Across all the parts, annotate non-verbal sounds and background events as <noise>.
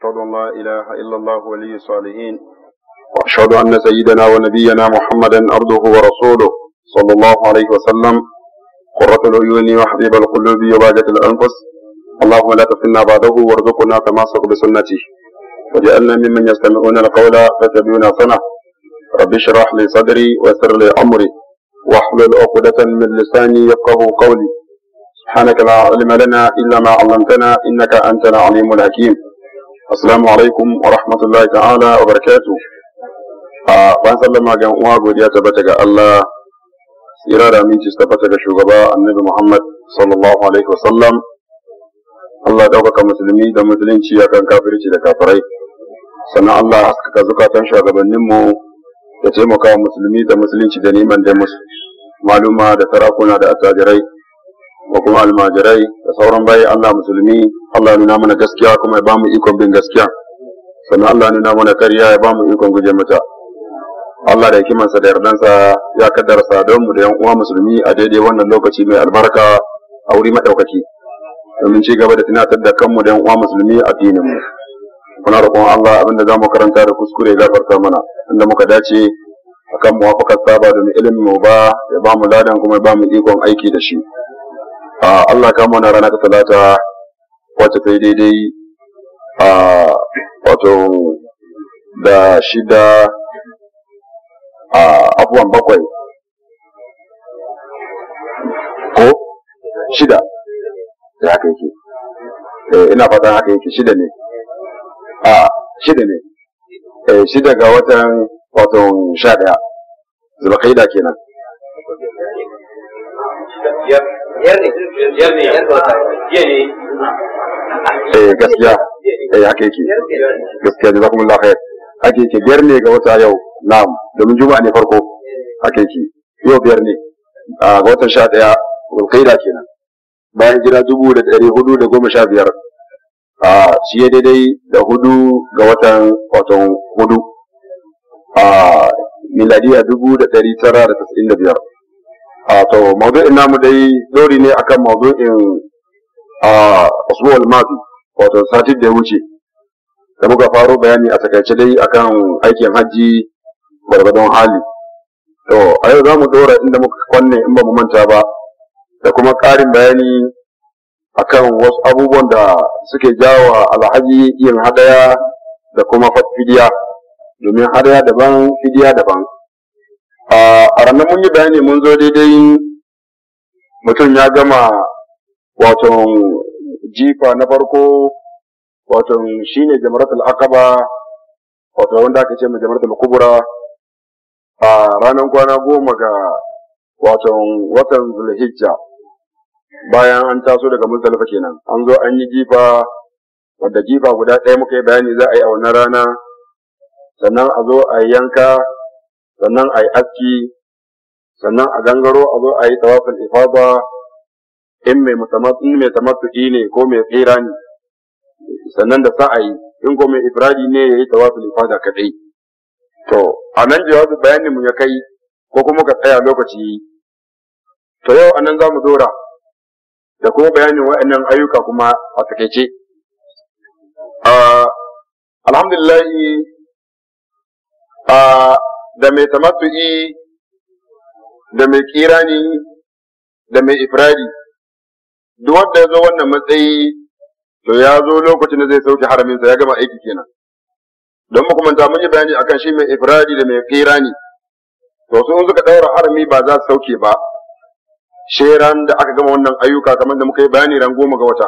أشهد أن لا إله إلا الله ولي الصالحين وأشهد أن سيدنا ونبينا محمدا عبده ورسوله صلى الله عليه وسلم قرة العيون وحبيب القلوب وباجة الأنفس اللهم لا تفتنا بعده وارزقنا تماسك بسنته وجعلنا ممن يستمعون القول فتبعون سنه رب اشرح لي صدري ويسر لي أمري واحلل عقدة من لساني يفقه قولي سبحانك لا علم لنا إلا ما علمتنا إنك أنت العليم الحكيم Assalamu alaikum wa rahmatullahi ta'ala wa barakatu. A ban sallama ga uwa godiya tabbata ga Allah tsira da aminci tabbata ga shugaba Annabi Muhammad sallallahu alaihi sallam. Allah ɗaukaka musulmi da musulunci akan kafirci da kafirai. Sannan Allah haskaka zukatan mu da taimaka musulmi da musulunci da neman da musu. Maluma da sarakuna da attajirai da kuma almajirai da sauran bayi Allah musulmi Allah nuna mana gaskiya kuma ya bamu ikon bin gaskiya sannan Allah nuna mana karya ya bamu ikon guje mata Allah da sa da yardansa ya kaddara don mu da yan uwa musulmi a daidai wannan lokaci mai albarka a wuri madaukaki domin ci gaba da tunatar da kanmu da yan uwa musulmi a dinin mu muna roƙon Allah abinda zamu karanta da kuskure gafarta mana inda muka dace akan muwafaqar saba da ilimin mu ba ya bamu ladan kuma ya bamu ikon aiki da shi Ah, Allah kama na rana ta talata wacce ta yi daidai a ah, wato da shida a ah, abuwan bakwai ko shida da haka yake eh, ina fatan haka yake shida ne a shida ne eh, shida ga watan wato sha ɗaya zulkaida kenan eh gaskiya eh haka yake gaskiya jazakumullahu khair Ake yake biyar ne ga wata yau na'am domin juma'a ne farko haka yake yau biyar ne a ah, ga watan sha daya ulkaida kenan bayan jira dubu da ɗari hudu da goma sha biyar a ah, shi ya daidai da hudu ga watan watan hudu a ah, miladiya dubu da ɗari tara da tasa'in da biyar a to maudu'in namu dai dori ne akan maudu'in a usbu'ul mafi wato sati da wuce da muka faro bayani a takaice dai akan aikin hajji gwargwadon hali to a yau za mu dora inda muka kwanne in ba mu manta ba da kuma ƙarin bayani akan wasu abubuwan da suke jawa alhaji yin hadaya da kuma fidiya domin hadaya daban fidiya daban a ranar mun yi bayani mun zo daidai mutum ya gama wato jifa na farko wato shine jamaratul akaba wato wanda aka ce mai jamaratul kubura a ranar kwana goma ga wato watan zulhijja bayan an taso daga muzdalifa kenan an zo an yi jifa wadda jifa guda ɗaya muka yi bayani za a yi a wannan rana sannan a zo a yanka sannan a yi aski sannan a gangaro a zo a yi tawafin ifaba in mai tamattu'i ne ko mai tsira ne sannan da yi in ko mai ifradi ne ya yi tawafin ifada kadai to a nan jawabi bayanin mu ya kai ko kuma ka tsaya lokaci to yau a nan za mu dora da kuma bayanin wa'annan ayyuka kuma a takaice ah, alhamdulillah ah, da mai tamattu'i da mai kirani da mai ifradi duk wanda ya zo wannan matsayi to ya zo lokacin da zai sauke haraminsa ya gama aiki kenan don mu kuma mun yi bayani akan shi mai ifradi da mai kirani to su suka daura harami ba za su sauke ba sheran da aka gama wannan ayyuka kamar da muka yi bayani ran goma ga wata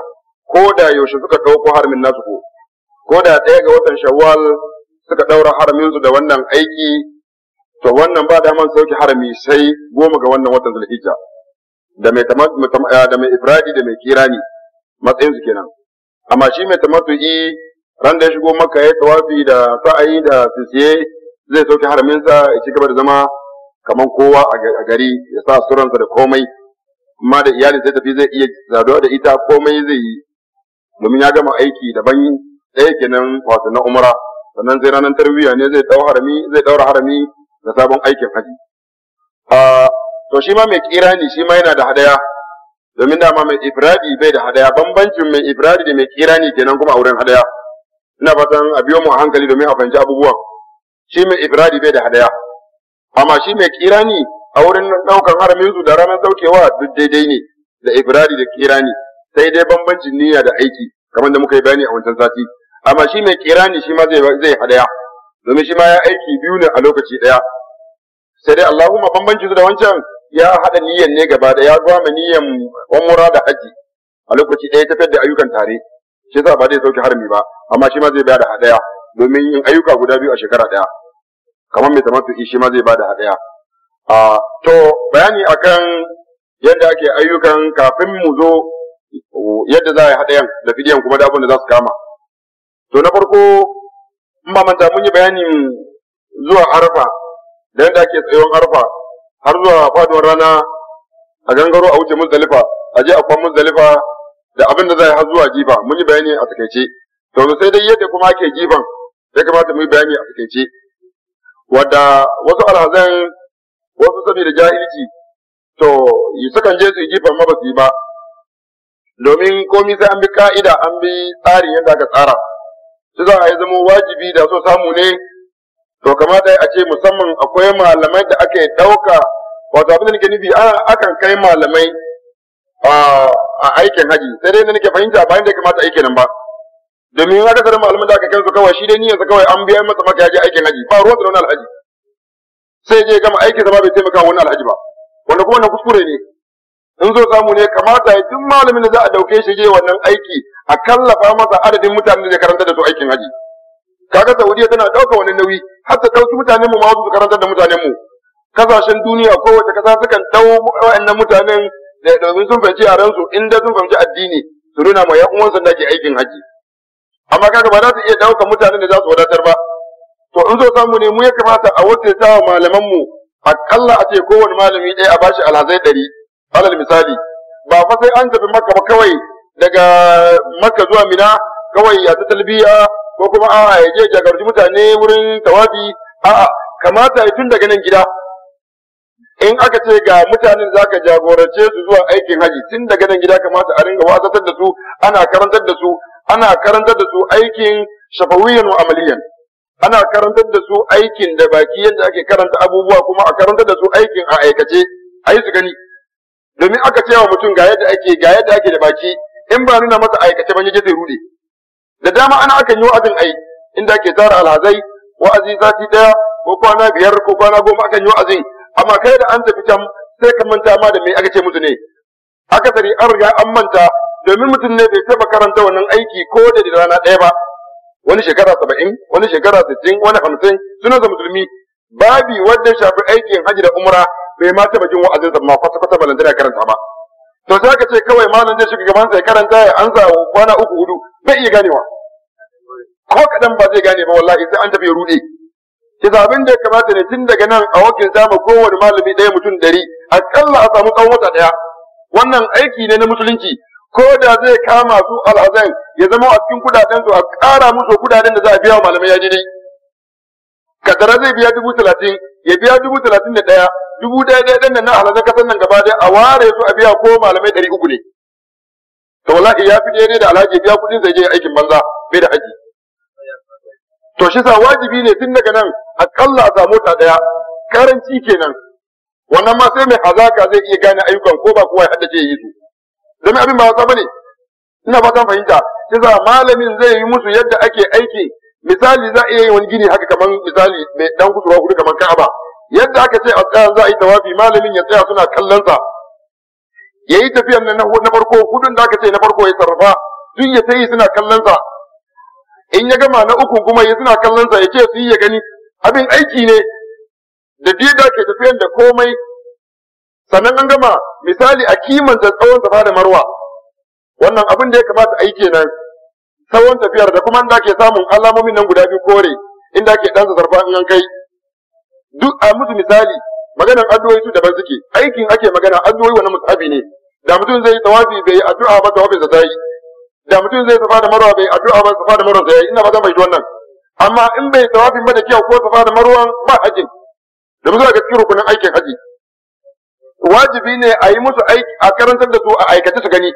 ko da yaushe suka ɗauko haramin nasu ko ko da ɗaya ga watan shawwal suka ɗaura haraminsu da wannan aiki to wannan ba daman sauke harami sai goma ga wannan watan zulhijja da mai eh, da mai ifradi da mai kirani matsayin su kenan amma shi mai tamattu'i ran da ya shigo maka ya tawafi da sa'ayi da sisiye zai sauke haraminsa ya ci gaba da zama kaman kowa a gari ya sa suransa da komai amma da iyalin sai tafi zai iya zaduwa da ita komai zai yi domin ya gama aiki daban ɗaya kenan wato na umara sannan sai ranar tarbiyya ne zai ɗau harami zai ɗaura harami da sabon aikin haji to shi ma mai kirani shi ma yana da hadaya domin dama mai ifradi bai da hadaya bambancin mai ifradi da mai kirani kenan kuma a wurin hadaya ina fatan a biyo mu a hankali domin a fahimci abubuwan shi mai ifradi bai da hadaya amma shi mai kirani a wurin ɗaukar haramin su da ranar saukewa duk daidai ne da ifradi da kirani sai dai bambancin niyya da aiki kamar da muka yi bayani a wancan sati amma shi mai kirani shi ma zai hadaya domin shi ma ya aiki biyu ne a lokaci ɗaya sai dai Allahumma bambanci su da wancan ya haɗa niyyan ne gaba da ya gwama niyyan mura da haji a lokaci ɗaya tafiyar da ayyukan tare shi yasa ba zai sauke harami ba amma shi ma zai bada haɗaya. domin yin ayyuka guda biyu a shekara ɗaya kamar mai tamattu'i shi ma zai bada haɗaya. a to bayani akan yadda ake ayyukan kafin mu zo yadda za a yi haɗayan da fidiyan kuma da abin da za su kama to na farko ba manta mun yi bayanin zuwa arfa da yadda ake tsayon arfa har zuwa faduwar rana a gangaro a wuce muzdalifa a je a kwan muzdalifa da abin da zai har zuwa jifa mun yi bayani a takaice to sai dai yadda kuma ake jifan sai kamata mu yi bayani a takaice wadda wasu alhazan wasu saboda jahilci to sukan je su yi jifan ma ba su yi ba domin komi sai an bi ka'ida an bi tsarin yadda aka tsara shi za a yi zama wajibi da so samu ne to kamata a ce musamman akwai malamai da ake ɗauka wato abin da nake nufi a akan kai malamai a aikin haji sai dai nake fahimta bayan da kamata aikin nan ba domin haka sanar malamai da aka kai su kawai shi dai niyyarsa kawai an biya masa maka yaje aikin haji ba ruwan da wani alhaji sai je gama aikin sa ba bai taimaka wani alhaji ba wanda kuma na kuskure ne in zo samu ne kamata ya duk malamin da za a dauke shi je wannan aiki a kallafa masa adadin mutanen da karanta da su aikin haji kaga Saudiya tana dauka wani nauyi har ta dauki mutanen mu ma su karanta da mutanen mu kasashen duniya kowace kasa sukan dau wa'annan mutanen da domin sun fahimci a ransu inda sun fahimci addini su rina ma yan uwansu da ke aikin haji amma kaga ba za ta iya dauka mutanen da za su wadatar ba to in zo samu ne mu ya kamata a wakilta wa malaman mu akalla a ce kowane malami ɗaya a bashi alhazai ɗari alal misali ba fa sai an tafi makka ba kawai daga makka zuwa mina kawai ya ta talbiya ko kuma a'a ya je mutane wurin tawafi a'a kamata ya tun daga nan gida in aka ce ga mutanen za ka jagorance su zuwa aikin haji tun daga nan gida kamata a ringa wasatar da su ana karantar da su ana karantar da su aikin shafawiyan wa amaliyan ana karantar da su aikin da baki yadda ake karanta abubuwa kuma a karantar da su aikin a aikace a yi su gani domin aka ce wa mutum ga yadda ake ga yadda ake da baki in ba nuna masa aikace ba yaje zai rude da dama ana aka yi wa'azin ai inda ake tara alhazai wa'azi sati daya ko kwana biyar ko kwana goma akan yi wa'azin amma kai da an tafi can sai ka manta ma da me aka ce musu ne akasari an riga an manta domin mutum ne bai taba karanta wannan aiki ko da rana ɗaya ba wani shekara saba'in wani shekara sittin wani hamsin suna da musulmi babi wanda shafi aikin hajji da umra bai ma taba jin wa'azin zama kwata kwata ba karanta ba to sai ka ce kawai malam zai shiga gaban sai karanta ya ansa kwana uku hudu bai iya ganewa ko kadan ba zai gane ba wallahi sai an tafi ya rude kiza abin da ya kamata ne tun daga nan a wakin ma kowane malami ɗaya mutum ɗari akalla a samu tsawon wata ɗaya wannan aiki ne na musulunci ko da zai kama su alhazan ya zama a cikin kudaden su a ƙara musu kudaden da za a biya wa malamai yaji dai kadara zai biya dubu talatin ya biya dubu talatin da ɗaya dubu ɗaya ɗaya ɗan nan na halarta kasan nan gaba ɗaya a ware su a biya ko malamai ɗari uku ne to wallahi ya fi ɗaya da alhaji biya kuɗin zai je aikin banza bai da aji to shi sa wajibi ne tun daga nan akalla a samu ta ɗaya karanci kenan wannan ma sai mai hazaka zai iya gane ayyukan ko ba kowa ya haddace ya yi su zama abin ba wasa ba ne. ina fatan fahimta shi sa malamin zai yi musu yadda ake aiki misali za a iya yin wani gini haka kamar misali mai dan kusurwa hudu kamar Ka'aba yadda aka ce a tsaya za a yi tawafi malamin ya tsaya suna kallon sa yayi tafiyan nan na farko hudun da aka ce na farko ya sarrafa duk ya tayi suna kallon sa in ya gama na uku kuma ya suna kallon sa ya su ya gani abin aiki ne da da ke tafiyan da komai sannan an gama misali a kimanta tsawon safa da marwa wannan abin da ya kamata a nan kenan tsawon tafiyar da kuma inda ke samun alamomin nan guda biyu kore inda ke ɗansa zarfa in an kai duk a musu misali maganar addu'o'i su daban suke aikin ake magana addu'o'i wani musabi ne da mutum zai yi tawafi bai yi addu'a ba tawafi sa ta yi da mutum zai safa da marwa bai addu'a ba safa da marwa yi ina ba zan bayyana wannan amma in bai tawafin ba da kyau ko safa da marwan ba hajjin da musu daga cikin rukunin aikin haji wajibi ne a yi musu aiki a karantar da su a aikace su gani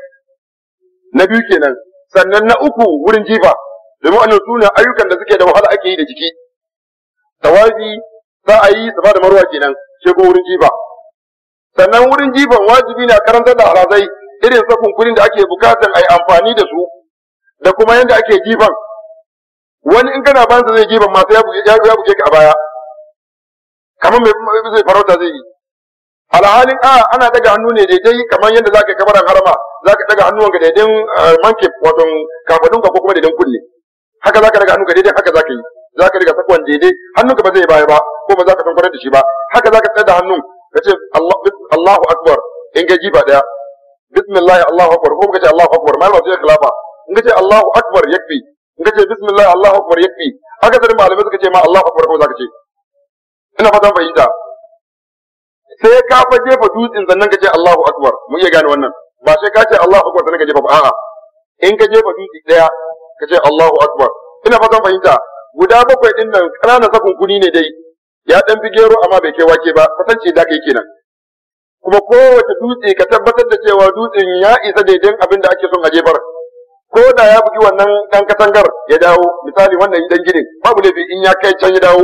na biyu kenan sannan na uku wurin jifa domin wannan suna ayyukan da suke da wahala ake yi da jiki tawazi za a yi safa da marwa kenan sai ko wurin jifa sannan wurin jifan wajibi na karantar da harazai irin sakunkunin da ake bukatar a yi amfani da su da kuma yadda ake jifan wani in kana bansa zai jifan masu ya buge ka a baya kamar mai zai farauta zai yi alhalin a ana daga hannu ne daidai kamar yadda zaka yi kabaran harama zaka daga hannuwanka daidai eh, manke wato ka ko kuma daidai kunne haka zaka daga hannu ka daidai haka zaka yi zaka daga sakwan daidai hannunka ba zai baya ba ko ba zaka tankwarar da shi ba haka zaka tsaya da hannun ka ce Allahu akbar in ka jiba daya bismillah Allahu akbar ko ka ce Allahu akbar malama sai kalafa in ka ce Allahu akbar yakfi in ka ce bismillah Allahu akbar yakfi haka zai malamai suka ce ma Allahu akbar ko zaka ce ina fatan fahimta sai ka fa jefa dutsen sannan ka ce Allahu akbar mu iya gane wannan ba sai ka ce Allahu akbar sannan ka jefa ba in ka jefa dutse daya ka ce Allahu akbar ina fatan fahimta guda bakwai din nan ƙananan sakun kuni ne dai ya dan fi gero amma bai kai wake ba kasance da kai kenan kuma kowace dutse ka tabbatar da cewa dutsen ya isa daidan abin da ake son a jefar ko da ya bugi wannan dan katangar ya dawo misali wannan dan ginin babu laifi in ya kai can ya dawo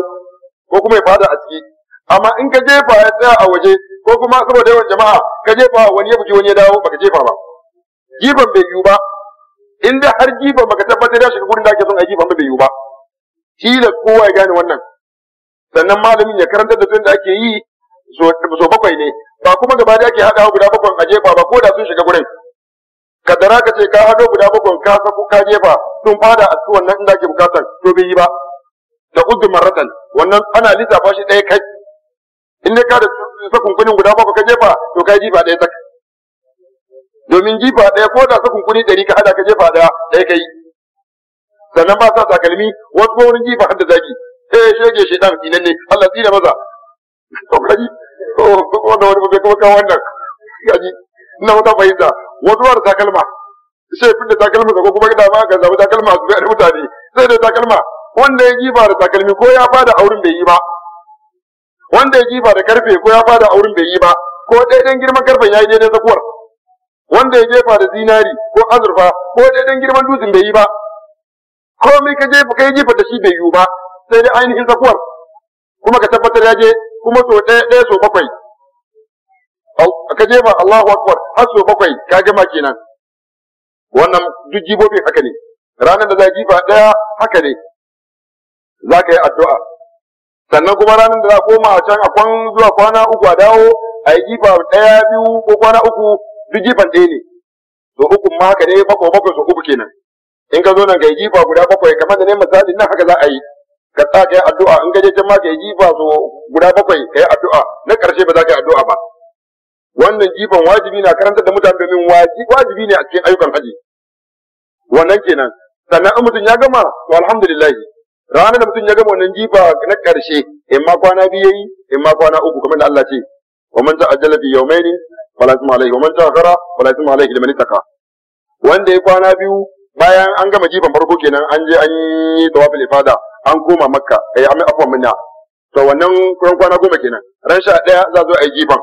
ko kuma ya fada a ciki amma in ka jefa ya tsaya a waje ko kuma saboda yawan jama'a ka jefa wani ya buji wani ya dawo baka jefa ba jifan bai yiwu ba in da har jifan baka tabbatar da shiga gurin da ake son a jifan ba bai yiwu ba shi kowa ya gane wannan sannan malamin ya karanta da tun da ake yi so bakwai ne ba kuma gaba da ake haɗawa guda bakwai a jefa ba ko da sun shiga gurin kaddara ka ce ka haɗo guda bakwai ka sako ka jefa sun fada a cikin wannan inda ake bukatar to bai yi ba da udu maratan wannan ana lissafa shi ɗaya kai in dai ka da sakunkunin guda bakwai ka jefa to ka jifa ɗaya tak domin jifa ɗaya ko da sakunkuni ɗari ka hada ka jefa ɗaya ɗaya ka yi sannan ba sa takalmi wasu ko wurin jifa hadda zaki eh shege shi dan inan ne Allah tsira maza to kaji to wanda wani mutum kuma kawo wannan kaji ina wata fahimta wasu ba da takalma sai fi da takalma ko kuma da ma ka zabi takalma su ga mutane sai da takalma wanda ya jifa da takalmi ko ya bada auren bai yi ba wanda ya jifa da karfe ko ya fada auren bai yi ba ko daidan girman karfen ya yi daidai zakuwar wanda ya jefa da zinari ko azurfa ko daidan girman dutsen bai yi ba Ko mai ka jefa kai jifa da shi bai yi ba sai dai ainihin zakuwar kuma ka tabbatar ya je kuma so ɗaya ɗaya so bakwai ka jefa Allahu akbar har so bakwai ka gama kenan wannan duk jibobin haka ne ranar da za jifa ɗaya haka ne za ka yi addu'a sannan kuma ranar da za a koma a can a kwan zuwa kwana uku a dawo a yi jifa ɗaya biyu ko kwana uku duk jifan ɗaya ne to uku ma haka ne bako bako su uku kenan in ka zo nan ka yi jifa guda bakwai kamar da ne misali nan haka za a yi ka sa ka yi addu'a in ka je can ma ka yi jifa su guda bakwai ka yi addu'a na ƙarshe ba za ka yi addu'a ba wannan jifan wajibi na karantar da mutane domin wajibi ne a cikin ayyukan haji wannan kenan sannan in mutum ya gama to alhamdulillahi ranar da mutum ya gama wannan jifa na ƙarshe in ma kwana biyu yayi in ma kwana uku kamar da Allah ce wa man ta'ajjala fi yawmayni fala isma alayhi wa man ta'akhara fala isma alayhi liman ittaqa wanda ya kwana biyu bayan an gama jifan farko kenan an je an yi tawafil ifada an koma makka eh amma afwan minna to wannan kuran kwana goma kenan ran sha daya za zo a yi jifan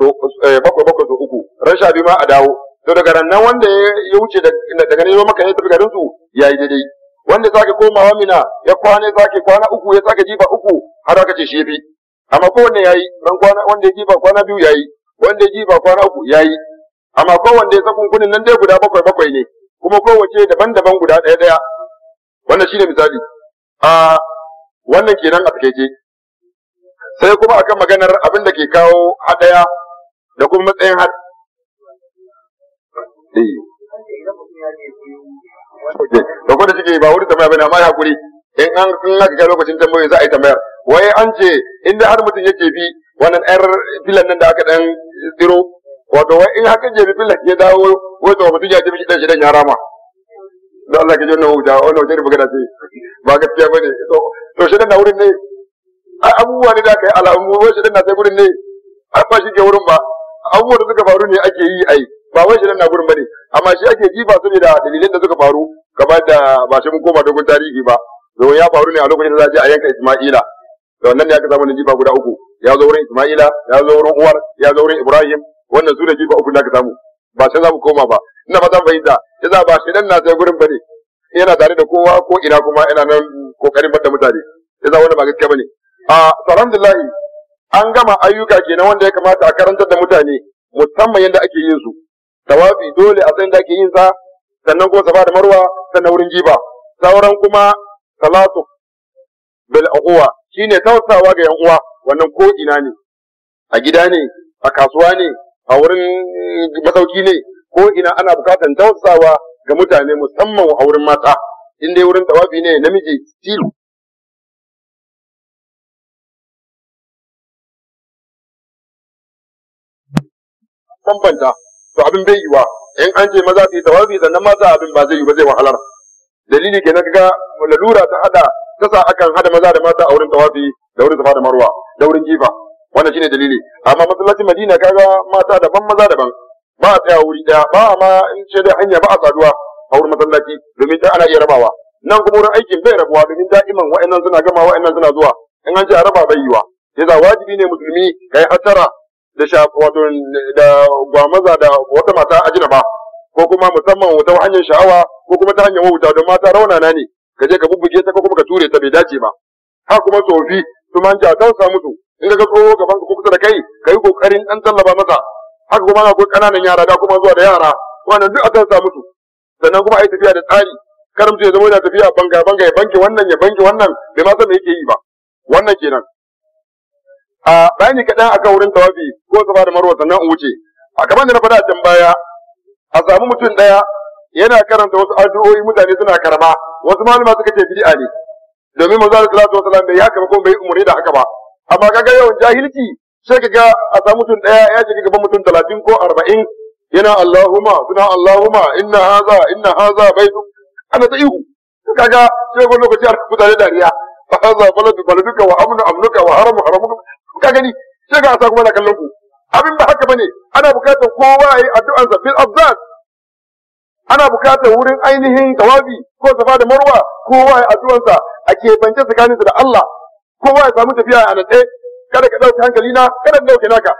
to eh, bakwai bakwai to uku ran sha biyu ma a dawo to daga nan wanda ya wuce daga ne maka ya tafi garin su yayi daidai wanda zaka komawa mina ya kwana zaka kwana uku ya zaka jifa uku har aka ce shi amma amma wanda yayi ran kwana wanda ya jifa kwana biyu yayi wanda ya jifa kwana uku yayi amma ko wanda ya sakun kunin nan dai guda bakwai bakwai ne kuma kowace daban-daban guda ɗaya ɗaya wannan shine misali a wannan kenan a takeice sai kuma akan maganar abin da ke kawo haɗaya da kuma matsayin Eh. okay da ko da ba wuri tambaya bane amma ya hakuri in an in aka kai lokacin tambayoyi za a yi tambayar wai an ce inda har mutum yake bi wannan yar filan nan da aka dan tsiro wato wai in haka je filan ya dawo wai to mutum ya je bi dan shi dan ya rama da Allah ka jinna wuta wannan wajen magana ce ba gaskiya bane to to shi dan na wurin ne abubuwa ne da kai alamu wai shi dan na sai wurin ne a ba shi ke wurin ba abubuwa da suka faru ne ake yi ai ba wai shirin na gurin bane amma shi ake jifa da dalilan da suka faru kamar da ba shi mun koma dogon tarihi ba domin ya faru ne a lokacin da za a je a yanka Isma'ila da wannan ne aka samu na jifa guda uku ya zo wurin Isma'ila ya zo wurin Uwar ya zo wurin Ibrahim wannan su da jifa uku da aka samu ba sai za mu koma ba ina ba zan fahimta yasa ba shi dan na sai gurin bane yana tare da kowa ko ina kuma yana nan kokarin bada mutane yasa wannan ba gaskiya bane a alhamdulillah an gama ayyuka kenan wanda ya kamata a karantar da mutane musamman yadda ake yin su tawafi dole a san da ake yin sa sannan kuma safa da marwa sannan wurin jiba sauran kuma salatu bil aquwa shine tausawa ga yan uwa wannan ko ina ne a gida ne a kasuwa ne a wurin masauki ne ko ina ana bukatar tausawa ga mutane musamman a wurin mata in dai wurin tawafi ne namiji tilu bambanta to abin bai yiwa in an ce maza su yi tawafi sannan maza abin ba zai yi ba zai wahalar dalili ke na ga lalura ta hada ta sa akan hada maza da mata a wurin tawafi da wurin safa da marwa da wurin jifa wannan shine dalili amma masallacin madina kaga mata daban maza daban ba a tsaya wuri daya ba a ma in ce da hanya ba a saduwa a wurin masallaci domin ta ana iya rabawa nan kuma wurin aikin bai rabuwa domin da'iman wa'annan suna gama wa'annan suna zuwa in an ce a raba bai yiwa yasa wajibi ne musulmi kai hatara da wato da gwamaza da wata mata ajinaba ko kuma musamman wata hanyar sha'awa ko kuma ta hanyar wauta don mata raunana ne ka je ka bubbuge ta ko kuma ka ture ta bai dace ba ha kuma tsofi su man ta tausa musu in ka tsoho gaban ka kusa da kai ka yi kokarin dan tallaba masa haka kuma ga kananan yara da kuma zuwa da yara wannan duk a sa musu sannan kuma ai tafiya da tsari karamci ya zama yana tafiya banga banga ya banke wannan ya banke wannan bai ma san me yake yi ba wannan kenan a bayani kaɗan akan wurin tawafi ko safa da marwa sannan in wuce a kamar da na faɗa can baya a samu mutum ɗaya yana karanta wasu addu'o'i mutane suna karama wasu malama suka ce bid'a ne domin manzo Allah sallallahu alaihi wasallam bai haka ba kuma bai umurni da haka ba amma kaga yawan jahilci sai kaga a samu mutum ɗaya ya shiga gaban mutum talatin ko arba'in yana Allahumma suna Allahumma inna haza inna haza baitu ana ta ihu kaga sai wani lokaci a mutane dariya haza baladu baladuka wa amnu amnuka wa haramu haramuka ka gani sai ga asa kuma na kallon ku abin ba haka bane ana bukatar kowa yayi addu'ansa fil afzan ana bukatar wurin ainihin tawabi ko safa da marwa kowa yayi addu'ansa a keɓance tsakaninsa da Allah kowa ya samu tafiya a natse kada ka ɗauke hankali na kada ka ɗauke naka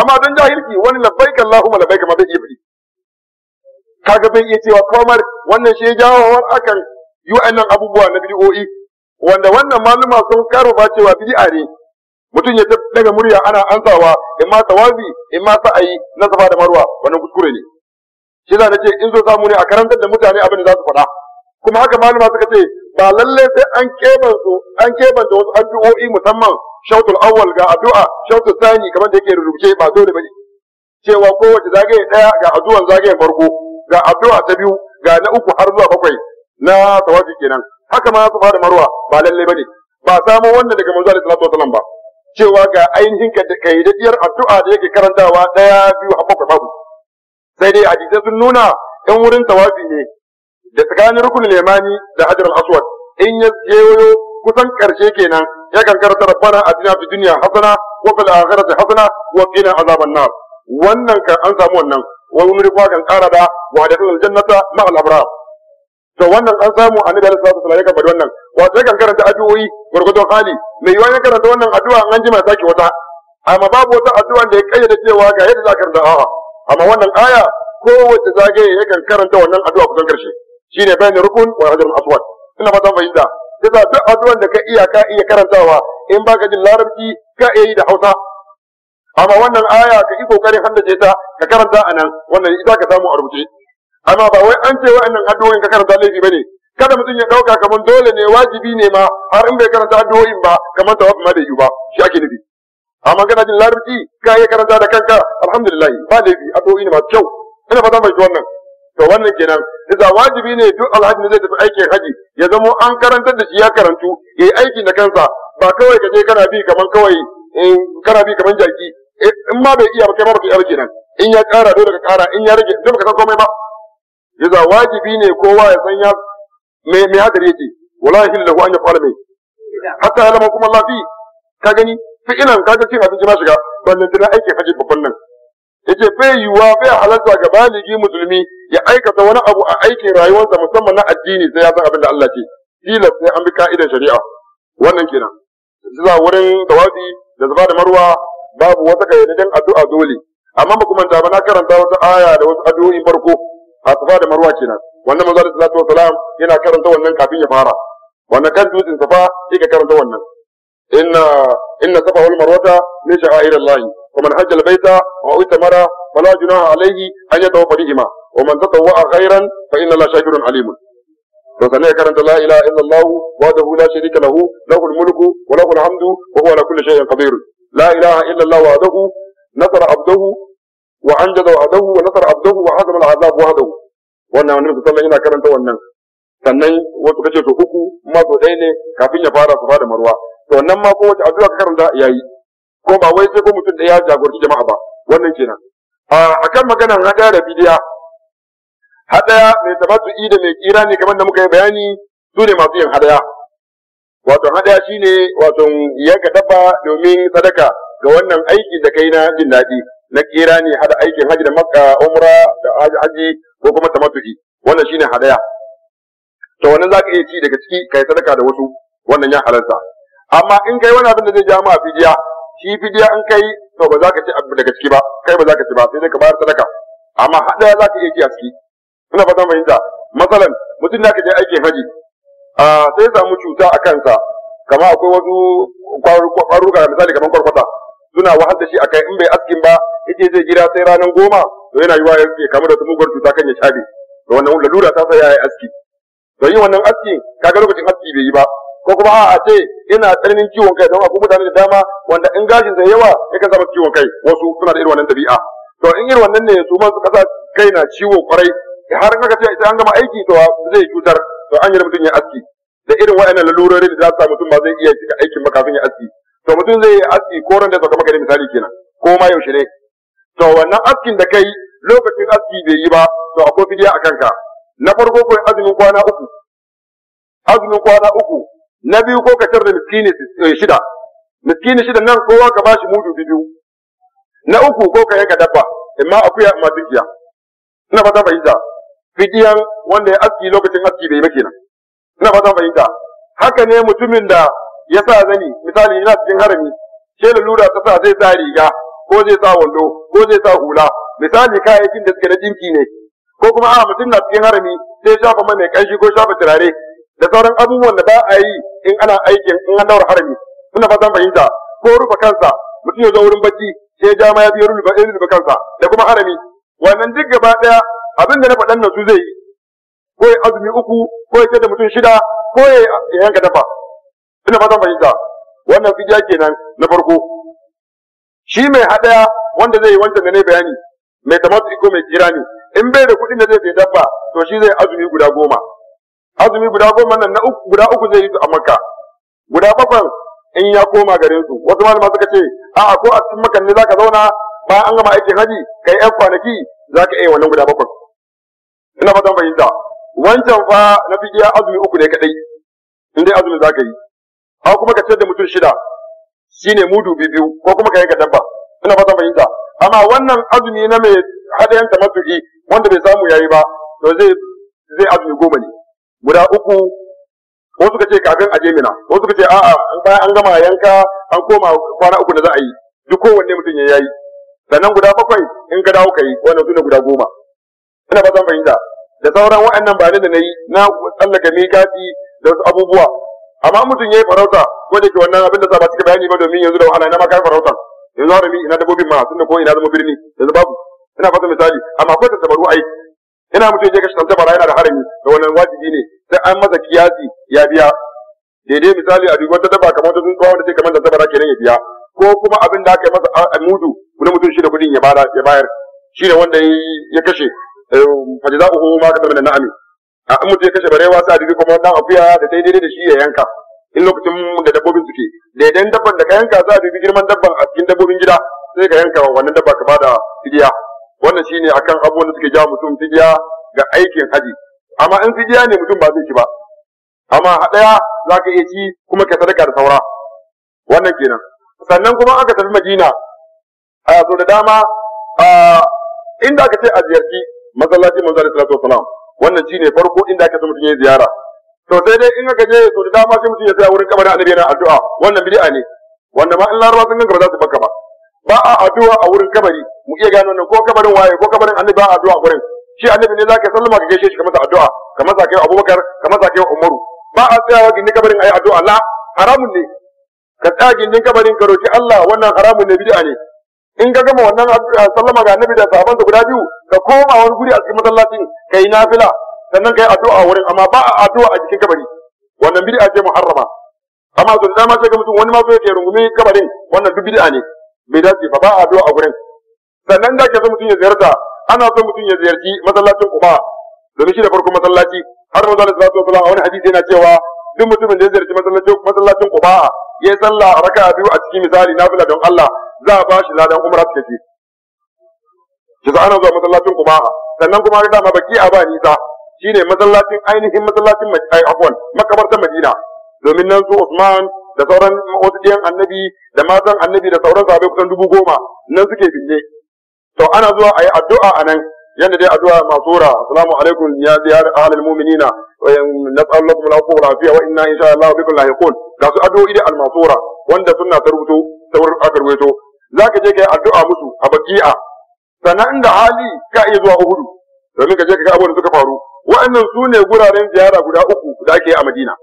amma don jahilci wani labbaik Allahumma labbaik ma bai iya kaga bai iya cewa komar wannan shi ya jawo war akan yi abubuwa na bid'o'i wanda wannan maluma sun karo ba cewa bid'a ne mutum ya daga murya ana ansawa in ma tawazi in ma sa'ayi na safa da marwa wannan kuskure ne shi na ce in so samu ne a karantar da mutane abin da za su faɗa kuma haka malama suka ce ba lallai sai an kebansu an kebanta wasu addu'o'i musamman shautul awwal ga addu'a shautul sani kamar da yake rubuce ba dole bane cewa kowace zagaye daya ga addu'an zagayen farko ga addu'a ta biyu ga na uku har zuwa bakwai na tawafi kenan haka ma su fara marwa ba lallai bane ba samo wannan daga manzo sallallahu alaihi wasallam ba cewa ga ainihin kayyadaddiyar addu'a da yake karantawa ɗaya biyu a bakwai babu sai dai hadisai sun nuna in wurin tawafi ne da tsakanin rukun lemani da hajar al-aswad in ya jeyo kusan ƙarshe kenan ya kankara ta rabbana atina fi dunya hasana wa fil akhirati hasana wa qina azaban nar wannan kan an samu wannan wani rufa kan kara da wa da jannata ma al to wannan an samu annabi alaihi salatu wasallam yakan faɗi wannan wato yakan karanta addu'o'i gurgurdon hali mai yiwuwa ya karanta wannan addu'a an jima sake wata amma babu wata addu'a da ya kayyade cewa ga yadda za ka karanta a'a amma wannan aya kowace zagaye yakan karanta wannan addu'a kusan karshe shine bayan rukun wa hajarul aswad ina fatan fahimta yasa duk addu'an da ka iya ka iya karantawa in baka jin larabci ka iya yi da hausa amma wannan aya ka yi kokarin haddace ta ka karanta a nan wannan ita ka samu a rubuce amma ba wai an ce wa'annan addu'o'in ka karanta laifi bane kada mutum ya dauka kamar dole ne wajibi ne ma har in bai karanta addu'o'in ba kamar ta ma madayu yiwu ba shi ake nufi amma kana jin larabci ka iya karanta da kanka alhamdulillah ba laifi addu'o'i ne masu kyau ina fata bai wannan to wannan kenan yasa wajibi ne duk alhaji zai tafi aikin haji ya zamo an karantar da shi ya karantu yayi aikin da kansa ba kawai ka je kana bi kamar kawai eh, kana bi kamar jaki eh, in ma bai iya ba kai ma ba iya yi kenan in ya kara dole ka kara in ya rage dole ka san komai ba yaza wajibi ne kowa ya san ya me me hadari yake wallahi la an fara mai hatta ya kuma Allah ka gani fi'ilan ga cin abinci ma shiga ballan tana aike faje babban nan yace bai yiwuwa bai halarta ga baligi musulmi ya aikata wani abu a aikin rayuwarsa musamman na addini sai ya san abin da Allah ce tilas sai an bi ka'idar shari'a wannan kenan zuwa wurin tawafi da zuba da marwa babu wata kayyadajen addu'a dole amma ba kuma ba na karanta wata aya da wasu addu'o'in farko a safa da marwa kenan wannan manzo da salatu wasalam yana karanta wannan kafin ya fara wannan kan dutsen safa yake karanta wannan inna inna safa wal marwata min sha'airillahi wa man hajja albayta wa utamara fala junaha alayhi an yatawaffa bihima wa man tatawwa khairan fa inna la shakirun alim to sanne karanta la ilaha illallah dahu la sharika lahu lahul mulku wa lahul hamdu wa huwa ala kulli shay'in qadir la ilaha illallah dahu nasara abdahu wa anjaza wa'adahu wa nasara abdahu wa hazama al'azab wahdahu wannan annabi yana karanta wannan sannan wasu kace to uku ma so ɗaya ne kafin ya fara su da marwa to wannan ma ko wace addu'a ka karanta yayi ko ba wai sai ko mutum da ya jagoranci jama'a ba wannan kenan a akan maganar hada da bidiya hadaya mai tabatu da mai kira ne kamar da muka yi bayani su ne masu yin hadaya wato hadaya shine wato yanka dabba domin sadaka ga wannan aiki da kai na jin daɗi na kirani hada aikin haji da makka umra da haji ko kuma tamattu'i wannan shine hadaya to wannan zaka iya ci daga ciki kai sadaka da wasu wannan ya halarta amma in kai wani abin da zai ja fidiya shi fidiya in kai to ba za ka ci abu daga ciki ba kai ba za ka ci ba sai dai ka bayar sadaka amma hadaya za ka iya ci a ciki ina fatan fahimta masalan mutum da ka je aikin haji sai ya samu cuta a kansa kama akwai wasu kwaruka misali kamar kwarkwata suna wahal da shi akai in bai askin ba yake zai jira sai ranar goma to yana wa ya kamar da muguwar cuta kan ya shabe to wannan lalura ta sa ya yi aski to yi wannan aski kaga lokacin aski bai yi ba ko kuma a ce ina tsananin ciwon kai don akwai mutane da dama wanda in gashin zai yawa yakan zama ciwon kai wasu suna da irin wannan dabi'a to in irin wannan ne su ma su kasa kai na ciwo kwarai har kaga aka ce idan an gama aiki to zai cutar to an yi mutum ya aski da irin waɗannan lalurori da za su sa mutum ba zai iya cika aikin ba kafin ya aski to mutum zai yi aski ko ran da maka misali kenan ko ma yaushe ne to wannan askin da kai lokacin aski bai yi ba to akwai fidiya a kanka na farko ko azumin kwana uku azumin kwana uku na biyu ko ka tar da miskini eh, shida miskini shida nan kowa ka bashi mudu biyu na uku ko ka yanka dabba amma akuya amma dukiya ina fata fahimta fidiyan wanda ya aski lokacin aski bai ba kenan ina fata fahimta haka ne mutumin da ya sa zani misali ina cikin harami sai lura ta sa zai sa riga ko zai sa wando ko zai sa hula misali kayayyakin da suke na jinki ne ko kuma a mutum na cikin harami sai shafa mai kanshi ko shafa turare da sauran abubuwan da ba a yi in ana aikin in an daura harami suna fatan fahimta ko rufe kansa mutum ya zo wurin bacci sai ja ma ya biyo rufe rufe kansa da kuma harami wannan duk gaba daya abin da na faɗan nan su zai yi ko ya azumi uku ko ya da mutum shida ko ya yanka dafa suna fatan fahimta wannan fijiya kenan na farko shi mai hadaya wanda zai yi wancan da ne bayani mai tamattu ko mai ne in bai da kuɗin da zai sai dabba to shi zai azumi guda goma azumi guda goma nan na uku guda uku zai yi a makka guda bakwai in ya koma garin su wasu malama suka ce a ko a cikin makan ne zaka zauna bayan an gama aikin haji kai yan kwanaki zaka iya wannan guda bakwai ina fatan fahimta wancan fa na fi iya azumi uku ne kadai in dai azumi zaka yi A kuma ka ce da mutum shida shine mudu biyu ko kuma ka yanka dabba ina fata fahimta amma wannan azumi na mai hadayan tamattu'i wanda bai samu yayi ba to zai zai azumi goma ne guda uku ko suka ce kafin a je mina ko suka ce a'a bayan an gama yanka an koma kwana uku da za a yi duk kowanne mutum ya yayi sannan guda bakwai in ka dawo ka yi wannan sune guda goma ina fata fahimta da sauran waɗannan bayanan da na yi na tsallaka miƙati da wasu abubuwa amma mutum ya yi farauta ko da ke wannan abin da sa ba cika bayani ba domin yanzu da wahala ina ma kai farautan yanzu harami ina dabbobin ma tunda ko ina zama birni yanzu babu ina fata misali amma ta tattabaru ai ina mutum ya je kashi bara yana da harami da wannan wajibi ne sai an masa kiyasi ya biya daidai misali a duk wata daba kamar ta tsuntsuwa wanda ce kamar tantabara kenan ya biya ko kuma abin da aka yi masa a mudu wani mutum shi da kudin ya bayar shi ne wanda ya kashe uhu eh, ma ka tabbata na'ami a in mutum ya kashe barewa sai a dubi kuma dan akuya da sai daidai da shi ya yanka in lokacin da dabbobin suke daidan dabban da ka yanka za a bi girman dabban a cikin dabbobin gida sai ka yanka wannan dabba ka bada fidiya wannan shine akan abubuwan da suke jawo mutum fidiya ga aikin haji amma in fidiya ne mutum ba zai ci ba amma haɗaya za ka iya ci kuma ka sadaka da saura wannan kenan sannan kuma aka tafi madina a so da dama inda aka ce a ziyarci masallacin sallallahu alaihi wasallam wannan shine farko inda aka so mutum ya ziyara to sai dai in aka je to da dama sai mutum ya tsaya wurin kabarin annabi yana addu'a wannan bid'a ne wanda ma in larabawa sun ganka ba za su baka ba ba a addu'a a wurin kabari mu iya gano nan ko kabarin waye ko kabarin annabi ba a addu'a a wurin shi annabi ne zaka sallama ka gaishe shi ka masa addu'a ka masa kai Abubakar ka masa kai Umaru ba a tsayawa gindin kabarin ayi addu'a la haramun ne ka tsaya gindin kabarin ka roki Allah wannan haramun ne bid'a ne in ka gama wannan sallama ga annabi da sahaban sa guda biyu ka koma wani guri a cikin masallacin kai nafila sannan kai addu'a wurin amma ba a addu'a a cikin kabari wannan bid'a ce muharrama amma to dama sai ga mutum wani ma so yake rungumi kabarin wannan duk bid'a ne bai dace ba ba a addu'a a wurin? sannan da ke so mutum ya ziyarta ana so mutum ya ziyarci masallacin Quba domin shi da farkon masallaci har manzo Allah sallallahu alaihi wasallam a wani hadisi yana cewa duk mutumin da ya ziyarci masallacin masallacin Quba ya sallah raka'a biyu a cikin misali nafila don Allah za a bashi ladan umara suka je ki ana zuwa masallacin kubaha sannan kuma da ma baki a ba nisa shine masallacin ainihin masallacin ai afwan makabartar madina domin nan su usman da sauran wasu annabi da matan annabi da sauran sahabbai kusan dubu goma nan suke binne to ana zuwa a yi addu'a a nan yadda dai addu'a masura assalamu alaikum ya ziyar ahlul mu'minina wa nas'alu lakum al-afwa wa inna insha Allah bikum lahiqun ga su addu'o'i da al-masura wanda sunna ta rubuto ta aka rubuto za ka je ka yi addu'a musu a baki'a Sanan inda hali ka iya zuwa uhudu domin ka je ka ga da suka faru wa'annan su ne guraren ziyara guda uku da ake a madina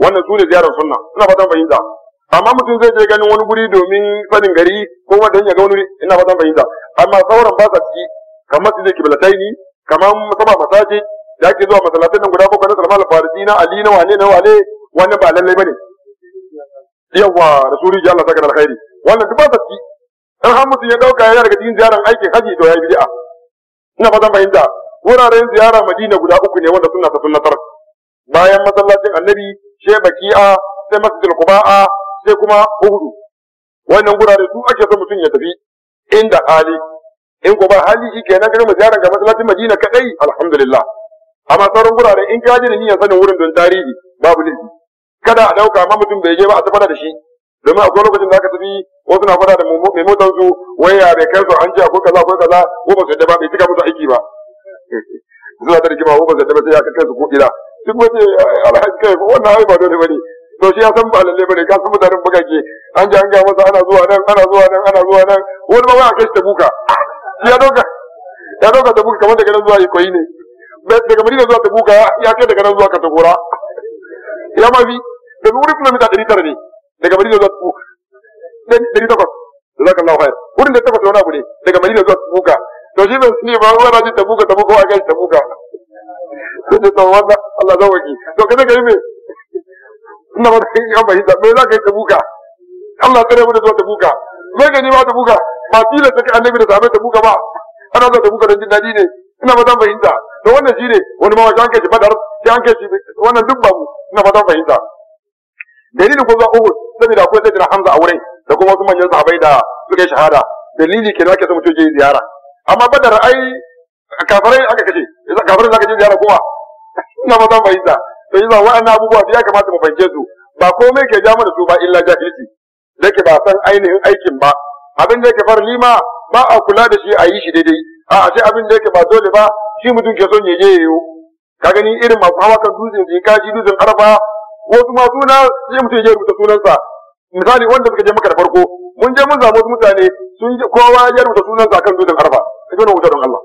wannan su ne ziyarar sunna ina fatan fahimta amma mutum zai je ganin wani guri domin sanin gari ko wanda ya ga wani ina fatan fahimta amma sauran ba sa ciki kamar su ne kiblataini kamar sama masaji da ake zuwa masallatan nan guda bakwai na salman alfarisi na ali na wane na wane wannan ba lallai bane yawa rasuli ji Allah saka alkhairi wannan duk ba sa ciki in har mutum ya dauka yana daga cikin ziyarar aikin haji da ya yi bid'a ina fatan fahimta wuraren ziyara madina guda uku ne wanda suna ta sunnatar bayan masallacin annabi sai baki'a sai masjidul quba'a sai kuma uhudu wannan gurare su ake son mutum ya tafi inda hali in ko ba hali shi kenan garin ziyarar ga masallacin madina kadai alhamdulillah amma sauran gurare in ka ji da niyyar sanin wurin don tarihi babu laifi kada a dauka ma mutum bai je ba a tabbata da shi domin akwai lokacin da aka tafi wasu na faɗa da mai motar su wai ya bai kai su an ji akwai kaza akwai kaza ko ba su yadda ba bai cika musu aiki ba zuwa <laughs> ta rikima ko ba su yadda ba sai ya kai su ko ila duk wace alhaji kai wannan ai ba dole bane to shi ya san ba lalle bane ka san mutanen bugage an ji an ga masa ana zuwa nan ana zuwa nan ana zuwa nan wani ma ba a kai shi ta buka ya doka ya doka ta buka kamar daga nan zuwa ikoyi ne daga madina zuwa ta buka ya kai daga nan zuwa katagora ya ma bi daga kuma mita ɗari tara ne daga madina zuwa ku dari takwas zaka Allah khair wurin da takwas wani abu ne daga madina zuwa tabuka to shi ban sani ba wani rajin tabuka tabuka wa gaji tabuka ko da tsawon wannan Allah zawaki to kada ka yi me ina ba kai an bai da me za ka yi tabuka Allah tsare mu da zuwa tabuka me gani ba tabuka ba tilas ka annabi da sahabbai tabuka ba ana zuwa tabuka dan jin daɗi ne ina ba zan fahimta to wannan ne wani ma wajen kai shi badar sai an kai shi wannan duk babu ina ba zan fahimta dalili ko zuwa Uhud saboda akwai sayyidina Hamza a wurin da kuma wasu manyan sahabbai da suka yi shahada dalili kenan ake son mutum je ziyara amma badar ai kafirai aka kace kafirai zaka je ziyara kowa ina ba zan fahimta to yasa wa'annan abubuwa ya kamata mu fahimce su ba komai ke ja mana su ba illa jahilci da ke ba san ainihin aikin ba abin da yake far lima ba a kula da shi a yi shi daidai a a sai abin da yake ba dole ba shi mutum ke son ya je yayo ka gani irin masu hawa kan dutsen je kaji dutsen arfa wasu ma suna sai mutum ya rubuta sunansa misali wanda suka je maka da farko mun je mun wasu mutane sun kowa ya rubuta sunansa kan dutsen arfa a zo wuta don Allah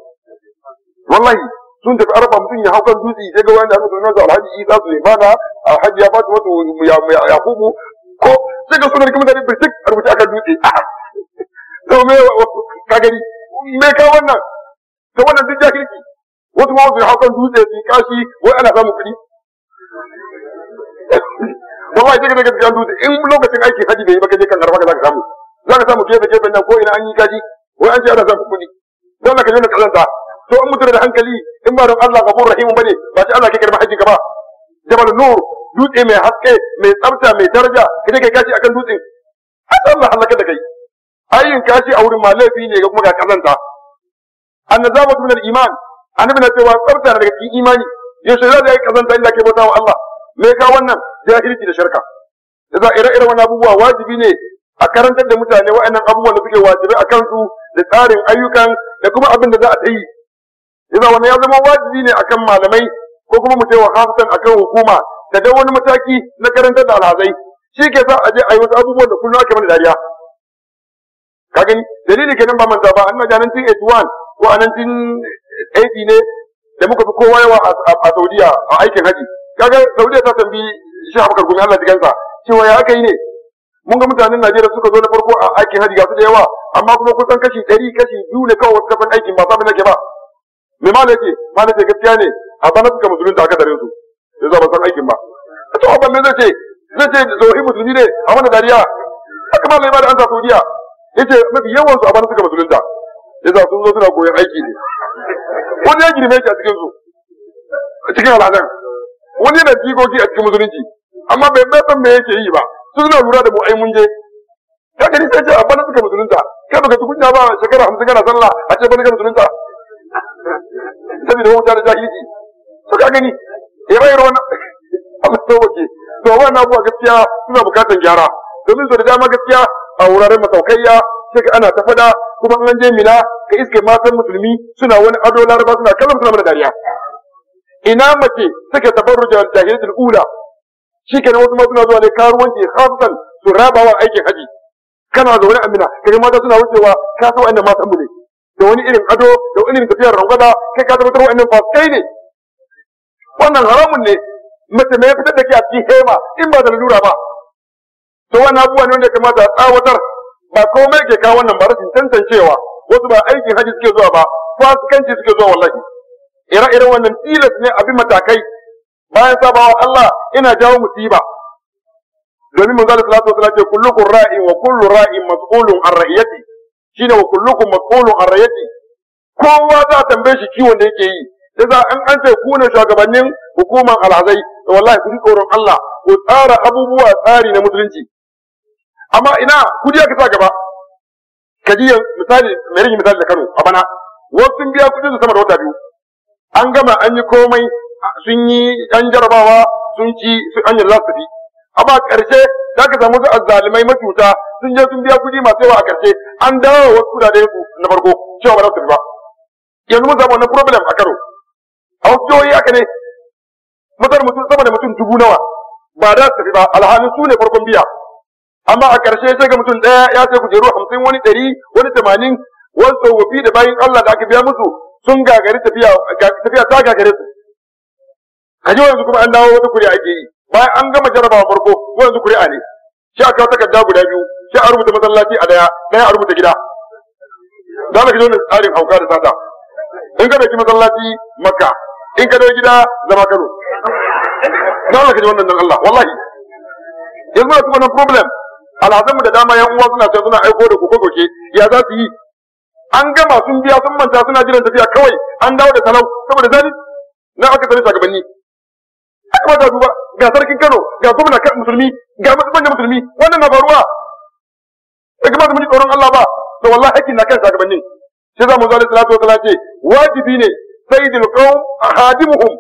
wallahi sun tafi arfa mutum ya hau kan dutse sai ga wani rubuta sunansa alhaji isa sulaimana alhaji ya fata ya yakubu ko sai ga sunan kuma mutane birtik a rubuta akan dutse a'a <laughs> to me ka gani me ka wannan to wannan duk jahilci wasu ma ya hau kan dutse su kashi wai ana samun kuɗi wallahi kika ne gaskiya dutse in lokacin aiki haji bai yi ba kaje kan garba za ka samu za ka samu gefe gefen nan ko ina an yi gaji wai an ce ana samun kuɗi don ka je na kazanta to in mutum da hankali in ba don Allah gafur rahimu bane ba shi Allah ke karɓi hajji ka ba jabal nur dutse mai haske mai tsafta mai daraja kaje kai kashi akan dutse Allah halaka da kai ayin kashi a wurin ma laifi ne ga kuma ga kazanta annazabatu min al-iman annabi na cewa tsafta daga cikin imani yaushe za ka yi kazanta illa ke bauta wa Allah me ka wannan jahilci da shirka yasa ire-iren wannan abubuwa wajibi ne a karantar da mutane wa'annan abubuwan da suke wajibi a kansu da tsarin ayyukan da kuma abin da za a ta yi yasa wannan ya zama wajibi ne akan malamai ko kuma mu wa akan hukuma da dai wani mataki na karantar da alhazai shi ke sa a je a yi wasu abubuwan da kullum ake mana dariya ka gani dalili kenan ba manta ba annabi nan tin ko anan tin ne da muka fi kowa yawa a Saudiya a aikin haji kaga saudiya ta tambi shi abu karbuni allah sa cewa ya aka yi ne mun ga mutanen najeriya suka zo na farko a aikin hajji ga su da yawa amma kuma kusan kashi ɗari kashi biyu ne kawai wasu kafin aikin ba samun nake ba me ma nake ma nake gaskiya ne a bana suka musulunta aka dare su yanzu ba san aikin ba a cewa ban zai ce zai ce zohi musulmi ne a wani dariya haka ma lai ba da an sa saudiya yace mafi yawan su a bana suka musulunta za sun zo suna koyon aiki ne wani ya girme ki a cikin su a cikin al'adan wani yana jigogi a cikin musulunci amma bai bai san me yake yi ba su suna lura da mu ai mun je kaga ni sai ce a bana suka musulunta kai baka tukunya ba shekara hamsin kana sallah a ce bana ka musulunta saboda wauta da jahilci to ka gani eh, ya bai ruwan Allah ta wace to wannan abuwa gaskiya suna bukatar gyara domin su da dama gaskiya a wuraren masaukaiya sai ka ana ta fada kuma an je mina ka iske matan musulmi suna wani ado laraba suna kallon suna mana dariya ina mace suka tabarruja jahiliyatul ula shikenan wasu ma suna zuwa ne karuwanci khasan su raba wa aikin haji kana wani amina kaga mata suna wucewa ka san wa'annan matan mu ne da wani irin ado da wani irin tafiyar rangwada kai ka tabbatar wa'annan fasikai ne wannan haramun ne mace mai fitar da ke a cikin hema in ba da lura ba to wannan abubuwa ne wanda ya kamata a tsawatar ba komai ke kawo wannan ba rashin tantancewa wasu ba aikin haji suke zuwa ba fasikanci suke zuwa wallahi ire-iren wannan tilas ne a bi matakai bayan sabawa Allah ina jawo musiba domin manzo Allah sallallahu alaihi wasallam ce kullukum ra'in wa kullu ra'in mas'ulun an ra'iyati shine wa kullukum mas'ulun an ra'iyati kowa za a tambaye shi kiwon da yake yi sai za an an ce ku ne shugabannin hukumar alhazai wallahi kun tsoron Allah ku tsara abubuwa tsari na musulunci amma ina ku je ka sa gaba kaji misali mai misali da Kano a bana wasu biya kudin su sama da wata biyu an gama an yi komai sun yi an jarabawa sun ci sun an yalla su bi amma ƙarshe za ka samu su azzalimai matuta sun je sun biya kuɗi masu yawa a ƙarshe an dawo wasu kudade na farko cewa ba za su bi ba yanzu mun samu wannan problem a karo a wasu jihohi haka ne mutar mutum sama da mutum dubu nawa ba za su bi ba alhalin su ne farkon biya amma a ƙarshe sai ga mutum ɗaya ya ce kujeru hamsin wani ɗari wani tamanin wani tsofaffi da bayan Allah da aka biya musu sun gagari tafiya tafiya ta gagare su ka ji yanzu kuma an dawo wata kuri'a ke yi bayan an gama jarabawa farko ko yanzu kuri'a ne sai a kawo takarda guda biyu sai a rubuta masallaci a daya daya a rubuta gida za ka ji wannan tsarin hauka da sata in ka dauki masallaci makka in ka dauki gida zama kano za ka ji wannan dan Allah wallahi yanzu na kuma nan problem alhazanmu da dama yan uwa suna cewa suna aiko da koke-koke ya za su yi an gama sun biya sun manta suna jiran tafiya kawai an dawo da talau saboda zali na aka tsare shugabanni aka ba duba ga sarkin Kano ga gwamna musulmi ga manyan musulmi wannan na faruwa daga ba mu ji tsoron Allah ba to wallahi hakkin na kan shugabannin sai za mu zo da salatu wa ce wajibi ne sayyidul qawm ahadimuhum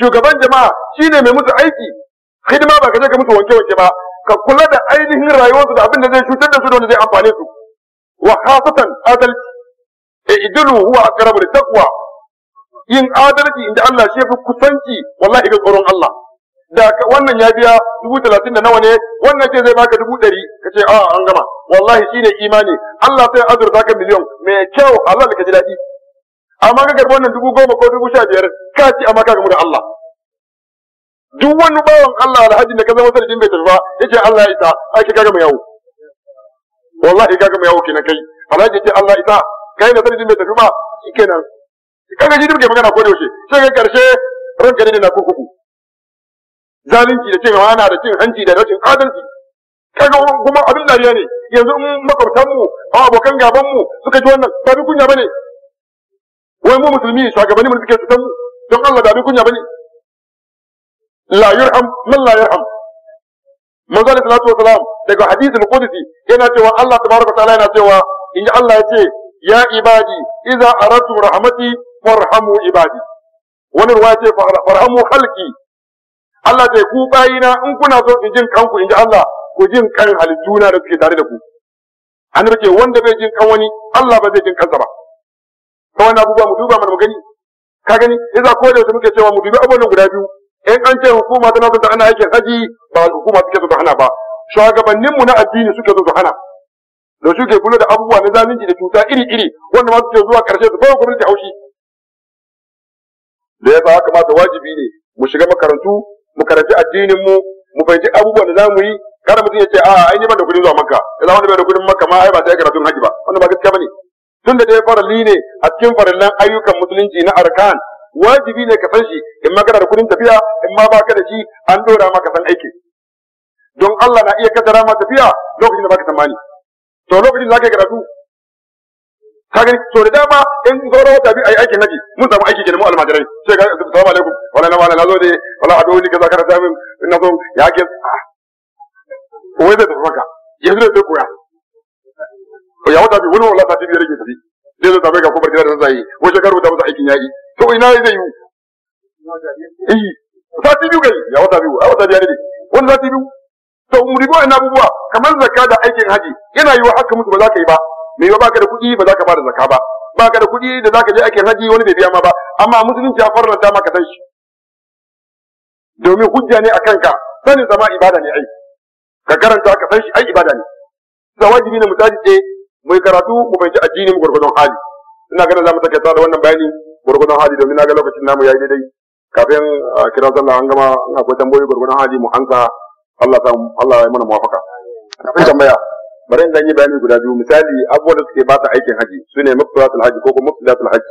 shugaban jama'a shine mai musu aiki hidima ba ka je ka musu wanke wanke ba ka kula da ainihin rayuwarsu da abin da zai cutar da su da wanda zai amfane su wa khasatan adalci e idilu huwa aqrabu lit taqwa yin adalci inda Allah ya fi kusanci wallahi ga tsoron Allah da wannan ya biya dubu talatin da nawa ne wannan ce zai baka dubu ɗari ka ce a an gama wallahi shine imani Allah sai azurta ka miliyon mai kyau Allah ka ji daɗi amma ka karɓi wannan dubu goma ko dubu sha biyar ka ci amma ka gamu da Allah duk wani bawan Allah alhaji da ka zama sanadin bai tafi ba ya ce Allah ya isa ai ka ga yawo wallahi kaga mai yawo kenan kai alhaji ce Allah isa kai da sarjin mai tafi ba kenan kaga shi duke magana ko da yaushe sai ga karshe gari ne na kurkuku zalunci da cin amana da cin hanci da rashin adalci kaga kuma abin dariya ne yanzu in makwabtan mu a abokan gaban mu suka ji wannan ba bi kunya bane wai mu musulmi shugabanni mun suke su mu don Allah ba bi kunya bane la yurham man la yurham manzo alaihi salatu wasalam daga hadisul qudsi yana cewa Allah tabaraka ta'ala yana cewa in Allah ya ce ya ibadi idza aratu rahmati farhamu ibadi wani ruwa ce farhamu khalqi Allah ce ku bayina in kuna so in jin kanku in ji Allah ku jin kan halittuna da suke tare da ku an rike wanda bai jin kan wani Allah ba zai jin kansa ba ta wannan abubuwa mu duba mana mu gani ka gani yasa ko da muke cewa mu dubi abubuwan guda biyu in an ce hukuma tana so ta hana aikin haji ba hukuma suke so ta hana ba shugabannin mu na addini suke so su hana da suke kula da abubuwa na zalunci da cuta iri iri wanda ma suke zuwa karshe su bawa gwamnati haushi da yasa haka mata wajibi ne mu shiga makarantu mu karanci addinin mu mu fahimci abubuwan da zamu yi kada mutum ya ce a an yi da kudin zuwa makka wanda bai da kudin makka ma ai ba sai karatun haji ba wanda ba gaskiya bane tun da dai farali ne a cikin farallan ayyukan musulunci na arkan wajibi ne ka san shi in ma kana da kudin tafiya in ma baka da shi an dora maka san aiki don Allah na iya kaddara ma tafiya lokacin da baka tsammani to lokacin da zaka karatu kaga to da dama in zoro tabi ai aikin naji mun samu aiki kenan mu almajirai sai ga assalamu alaikum wala na wala nazo dai wala ado ni kaza karata min ina zo ya ke ah. wai da tafi yanzu da koya ya wata bi wani wala ta tafi rage tafi zai zo tafi ga kuma gidan da zai yi wace karo da masa aikin yayi to ina zai yi eh sati biyu kai ya wata biyu a wata biyu ne wani sati biyu to muribo ina abubuwa kamar zakka da aikin haji yana yi wa haka mutu ba za ka yi ba mai ba baka da kuɗi ba za ka ba da zakka ba Ba ka da kuɗi da za ka je aikin haji wani bai biya ma ba amma musulunci ya dama ka san shi domin hujja ne a kanka sanin zama ibada ne ai ka karanta ka san shi ai ibada ne da wajibi ne mu ce mai karatu mu fahimci addini mu gurgurdon hali ina ganin za mu take da wannan bayani gurgunan hali domin na ga lokacin namu ya yi daidai kafin kira sallah an gama in akwai tambayoyi gurgunan hali mu ansa Allah ya Allah ya mana muwafaka kafin tambaya bari in dan yi bayani guda biyu misali abubuwan da suke bata aikin haji su ne muftidatul haji ko kuma muftidatul haji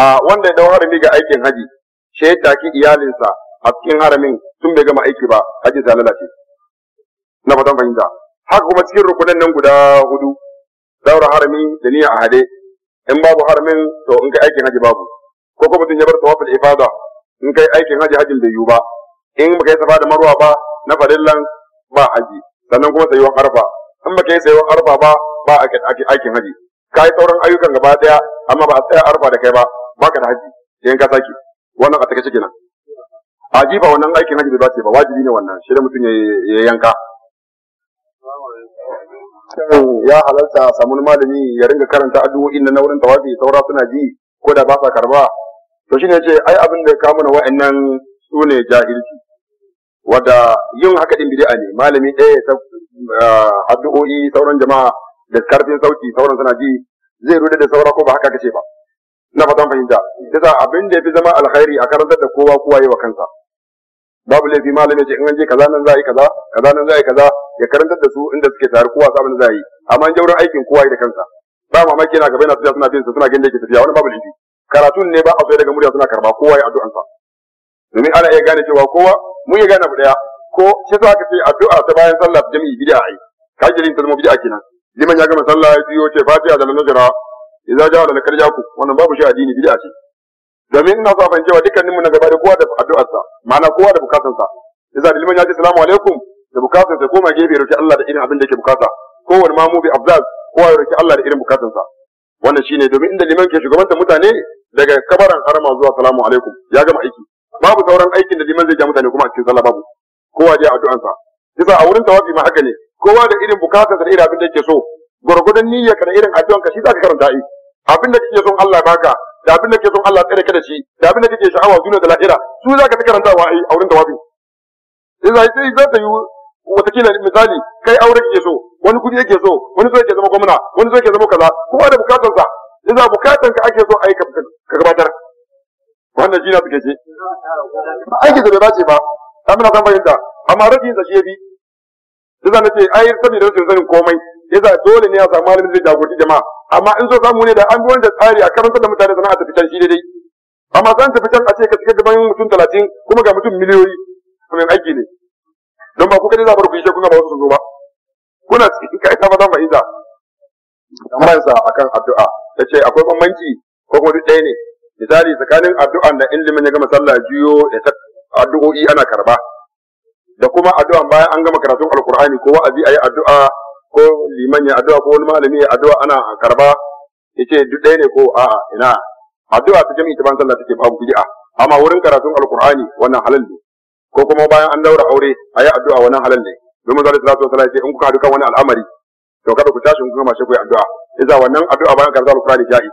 a wanda ya dau harami ga aikin haji shi ya taki iyalinsa a cikin haramin tun bai gama aiki ba hajin sa lalace na fatan fahimta haka kuma cikin rukunan nan guda hudu daura harami da niyya a hade in babu haramin to in kai aikin haji babu ko kuma mutum ya bar tawaful ifada in kai aikin haji hajin bai yiwu ba in baka yi safa da marwa ba na farillan ba haji sannan kuma sayuwan arfa in baka yi sayuwan arfa ba ba aikin haji ka yi sauran ayyukan gaba daya amma ba a tsaya arfa da kai ba baka da haji sai in ka saki wannan a take kenan haji ba wannan aikin haji bai ba wajibi ne wannan shi da mutum ya yanka kan ya halarta a samu malami ya ringa karanta addu'o'in na wurin tawafi saura suna ji ko da ba sa karba to shine ce ai abin da ya kawo mana wa'annan su ne jahilci wadda yin haka din bid'a ne malami ɗaya ya addu'o'i sauran jama'a da karfin sauti sauran suna ji zai rude da saura ko ba haka kace ba na fatan fahimta yasa abin da yafi zama alkhairi a karantar da kowa kowa yi wa kansa babu laifi malami ce in an je kaza nan za a yi kaza kaza nan za a yi kaza ya karanta da su inda suke tare kowa sabon zai yi amma in jauran aikin kowa da kansa ba mamaki yana gaba yana tafiya suna bin sa suna gindin yake tafiya wani babu laifi karatun ne ba a so daga murya suna karba kowa ya addu'an sa domin ana iya gane cewa kowa mun ya gane abu daya ko shi za ka ce addu'a ta bayan sallah jami'i bid'a ai kajirin ta zama bid'a kenan liman ya gama sallah ya biyo ce fatiha da nazara idan ja da lakarja ku wannan babu shi addini bid'a ce domin ina so a fahimci cewa dukkaninmu na gaba da kowa da addu'arsa ma'ana kowa da bukatansa idza liman ya ce salamu alaikum da bukatar sa koma gefe roki Allah da irin abin da yake bukata kowane ma mubi afzaz kowa ya roki Allah da irin bukatun sa wannan shine domin inda liman ke shugabantar mutane daga kabaran harama zuwa salamu alaikum ya gama aiki babu sauran aikin da liman zai ja mutane kuma a cikin sallah babu kowa ya addu'ansa yasa a wurin tawafi ma haka ne kowa da irin bukatar da irin abin da yake so gurgudun niyya ka da irin addu'an ka shi zaka karanta ai abin da kake son Allah baka da abin da kake son Allah tsare ka da shi da abin da kike sha'awa duniya da lahira su zaka ta karantawa ai a wurin tawafi yasa sai zai ta watakila misali kai aure ke so wani kuɗi yake so wani so yake zama gwamna wani so yake zama kaza kowa da bukatarsa yanzu bukatan ka ake so a yi ka gabatar wannan jina suke ce aiki da bai dace ba ta muna san fahimta amma rashin sa shi yafi yasa na ce ai saboda rashin sanin komai yasa dole ne a samu malamin zai jagoranci jama'a amma in so samu ne da an bi wanda tsari a karantar da mutane sana'a ta fitan shi daidai amma zan tafi can a ce ka shiga gaban mutum talatin kuma ga mutum miliyoyi kuma aiki ne don ba ku kada za ku yi kun ga ba wasu zo ba kuna ba zama iza ma'iza a akan addu'a ta ce akwai bambanci ko kuma duk ɗaya ne misali tsakanin addu'an da ilimin ya gama sallah juyo da ta addu'o'i ana karba da kuma addu'an bayan an gama karatun alkur'ani ko wa'azi ayi addu'a ko liman ya addu'a ko wani malami ya addu'a ana karba yace duk ɗaya ne ko a'a ina addu'a ta jami'i ta ban sallah take babu bid'a amma wurin karatun alkur'ani wannan halal ne ko kuma bayan an daura aure a yi addu'a wannan halal ne domin zalisa salatu wasallam ya sai in kuka haɗu kan wani al'amari to kada ku tashi kuma mashi ku yi addu'a Iza wannan addu'a bayan karatu alqur'ani ja'i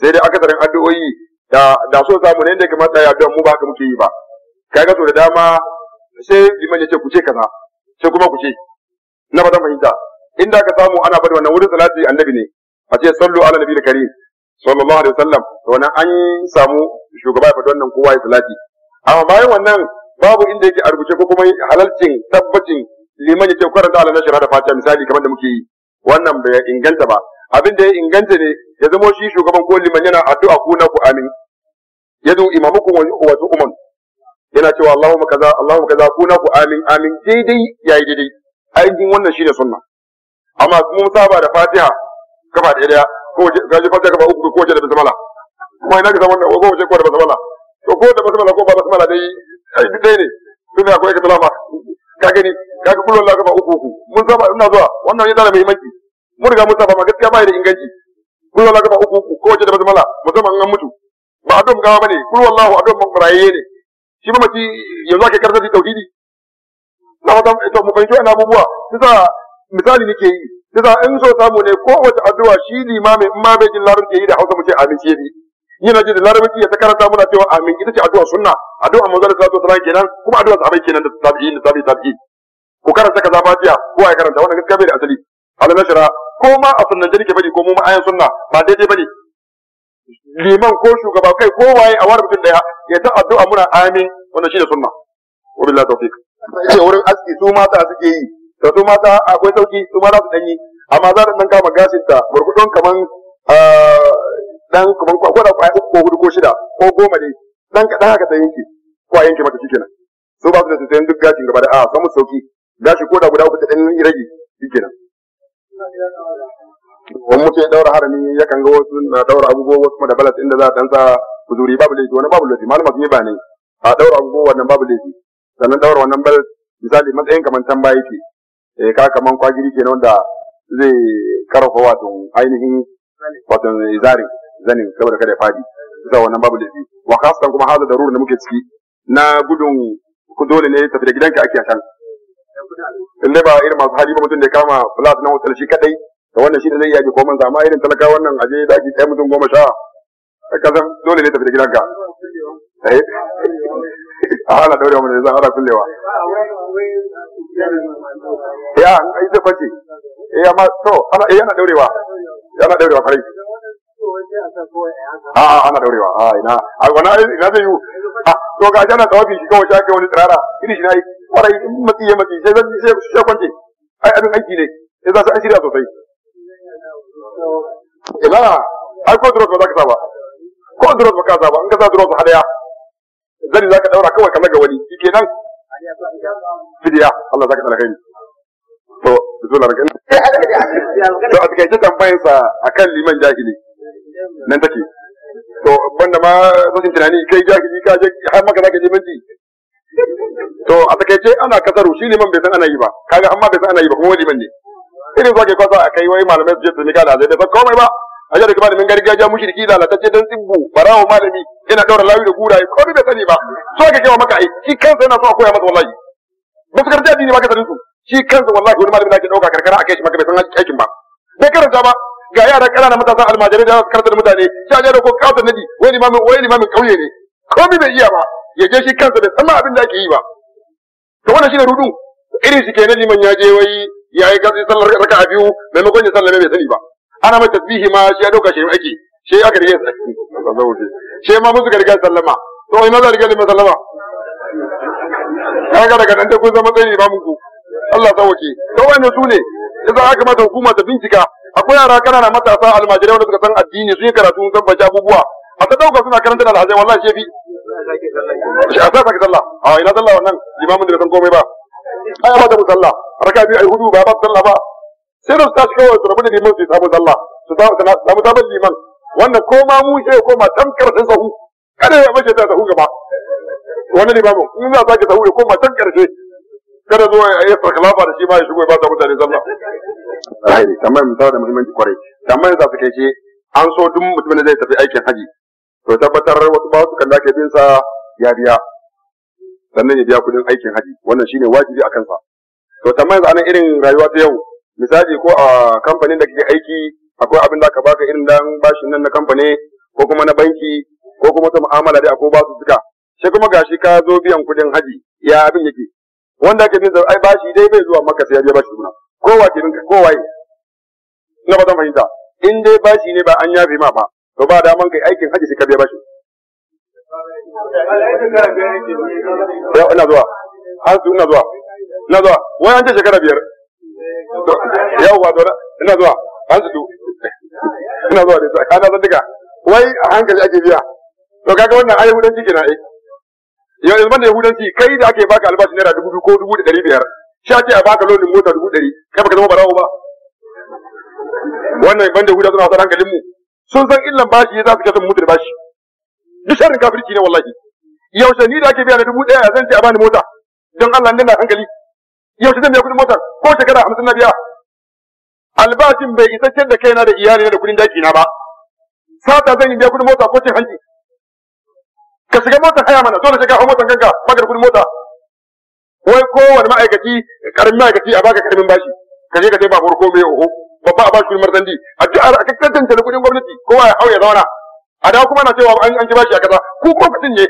sai dai akasarin addu'o'i da da so samu ne inda kamata ya addu'a mu ba haka muke yi ba kaga so da dama sai liman ya ce ku ce kaza sai kuma ku ce na ba fahimta inda ka samu ana bada wannan wurin salati annabi ne a ce sallu ala nabi karim sallallahu alaihi wasallam to wannan an samu shugaba ya faɗi wannan kowa ya salati amma bayan wannan babu inda yake a rubuce ko kuma halalcin tabbacin liman yake ce karanta ala nashra da fata misali kamar da muke yi wannan bai inganta ba abin da ya inganta ne ya zamo shi shugaban ko liman yana addu'a ku na ku amin Ya yadu imamukum wa umman yana cewa Allahumma kaza Allahumma kaza ku na ku amin amin daidai yayi daidai aikin wannan shine sunna amma kuma saba da Fatiha kafa da daya ko gaji Fatiha kafa uku ko da basmala kuma ina ga zaman ko ko da basmala to ko da basmala ko ba basmala dai ai duk ne tunda akwai ka talama ka gani ka ga kullun laka ba uku uku mun saba ina zuwa wannan yana da muhimmanci mun riga mun saba ma gaskiya ba da inganci kullun laka ba uku uku ko wace da basmala musamman an mutu ba adon gawa bane kullu wallahu adon mafraye ne shi mamaci yanzu ake karanta tauhidi na fata eh, to mu fahimci wannan abubuwa sai misali nake yi sai in so samu ne ko kowace addu'a shi limamin in ma bai jin larabci yi da Hausa mu ce amin shi yana ji da larabci ya ta karanta muna cewa amin ita ce addu'a sunna addu'a manzo Allah sallallahu alaihi kenan kuma addu'a sahabbai kenan da tabi'in da tabi'i tabi'i ku karanta kaza fatiha ko ai karanta wannan gaskiya bai da asali na shara ko ma a sunnan jini ke bari ko mu ma ayan sunna ba daidai bane liman ko shugaba kai ko waye a wani mutum daya ya ta addu'a muna amin wannan shine sunna wa billahi tawfiq ce wurin aski su mata suke yi da su mata akwai sauki su mata su danyi amma za ta dan kama gashin ta kaman Eh, dan kuma ko da kwaya ko hudu ko shida ko goma ne dan kaɗan haka ta yanke ko a yanke mata shikenan so ba su da tsayin duk gashin gaba da a samu sauki gashi ko da guda uku ta dan rage shikenan wani mutum ya daura harami ya kan ga wasu na daura agogo wasu kuma da balas inda za a tansa kuzuri babu laifi wani babu laifi malama sun yi ba ne a daura agogo wannan babu laifi sannan daura wannan balas misali matsayin kamar tambaya yake eh ka kaman kwagiri kenan wanda zai karfafa wato ainihin wato izarin zanin saboda kada ya fadi bisa wannan babu laifi wa khasan kuma hada darura da muke ciki na gudun ku dole ne tafi da gidanka ake can in dai ba irin masu hali ba mutum da ya kama flat na hotel shi kadai da wannan shi da zai yaki komai amma irin talaka wannan aje da ake kai mutum goma sha ka san dole ne tafi da gidanka eh? a hala daure wa zan hada kullewa ya ai zai face eh amma to ana eh ana daurewa ana daurewa farai a ah, a ah, ana daurewa a ah, ina a wani ina zai yi a to ga jana tsawafi shi kawai shafe wani tsirara iri shi na yi kwarai in matsi ya matsi sai zai sai kwance ai abin aiki ne sai za su an shirya sosai ila ai ko drop ba za ka sa ba ko drop ba ka sa ba in ka sa drop hadaya zani za ka daura kawai ka ga wani shikenan fidiya Allah za ka tsara kai bismillah raka to a takaice tambayarsa akan liman jahili nan take to banda ma rashin tunani kai jahili ka je har maka zaka je minti to a takaice ana kasaru shi liman bai san ana yi ba kaga amma bai san ana yi ba kuma liman ne irin ke kwasa a kai wai malamai su je su nika da zai da komai ba a jihar da malamin gargajiya mushriki da lalatacce dan tsibbu barawo malami yana daura lawi da guraye komai bai sani ba so aka kewa maka ai shi kansa yana so a koya masa wallahi ba su karanta addini ba ka sanin su shi kansa wallahi wani malamin da ke dauka karkara a kai shi maka bai san aikin ba bai karanta ba ga yara ƙanana matasan almajirai da su karanta da mutane sai a jada ko kawata nadi wai limamin wani limamin kauye ne komai bai iya ba ya je shi kansa bai san ma abin da ake yi ba to wannan shine rudu irin shi kenan liman ya je wai ya yi gasi sallar raka'a biyu maimakon ya sallame bai sani ba ana mai tasbihi ma shi ya dauka shi aiki shi aka rige shi ma musu garga sallama to ina za rige liman sallama kaga daga nan da kun zama tsayi ba ku Allah ta wuce to wannan su ne yasa ya kamata hukuma ta bincika akwai yara kanana matasa almajirai wanda suka san addini sun yi karatu sun tabbaci abubuwa a ta dauka suna karanta da alhazai wallahi shefi shi a sa saka sallah a ina sallah wannan limamin da san komai ba ai ba da mu sallah raka biyu ai hudu ba ba sallah ba sai da su tashi kawai su rabu da liman su samu sallah su samu sabon liman wannan ko ma mu shi ko ma tamkar sun sahu kada ya mace ta sahu gaba wannan limamin in za a sake sahu ya koma can karshe kada zo ya yi farkalafa da shi ma ya shigo ya ba ta mutane sallah rahiri tambayar mun da muhimmanci kwarai tambayar za su kai ce an so duk mutumin da zai tafi aikin haji to tabbatar wasu ba su kalla ke bin sa ya biya sannan ya biya kudin aikin haji wannan shine wajibi akan sa to tambayar anan irin rayuwa ta yau misali ko a kamfanin da kake aiki akwai abin da ka baka irin dan bashin nan na kamfani ko kuma na banki ko kuma ta mu'amala dai akwai ba su duka sai kuma gashi ka zo biyan kudin haji ya abin yake wanda ake bin ai bashi dai bai zuwa maka sai ya bashi guna kowa ke binka kowa yi na ba zan fahimta in dai bashi ne ba an yafe ma ba to ba daman kai aikin haji sai ka biya bashi ya ina zuwa har su ina zuwa ina zuwa wai an ce shekara biyar yawwa to ina zuwa har su ina zuwa da ana zan duka wai a hankali ake biya to kaga wannan ayyukan ciki na eh yau yanzu da yahudanci kai da ake baka albashi naira dubu biyu ko dubu da ɗari biyar shi ake a baka lonin mota dubu ɗari kai baka zama barawo ba wannan ban da yahudanci suna wasan hankalinmu. sun san illan bashi ya za su kasance mutu da bashi duk sharrin kafirci ne wallahi yaushe ni da ake biya na dubu ɗaya zan ce a bani mota don Allah nan na hankali yaushe zan biya kuɗin motar ko shekara hamsin na biya albashin bai isasshen da kaina da iyalina da kuɗin daki na ba sata zan yi biya kuɗin mota ko cin hanci ka shiga motar haya mana dole shiga motar kanka baka da kudin mota wai kowane ma'aikaci karamin ma'aikaci a baka karamin bashi ka je ka sai babur ko mai oho babba a bashi kudin marzandi a ji ka tantance da kudin gwamnati kowa ya hau zauna a da kuma na cewa an ji bashi a kasa ku ko kudin ne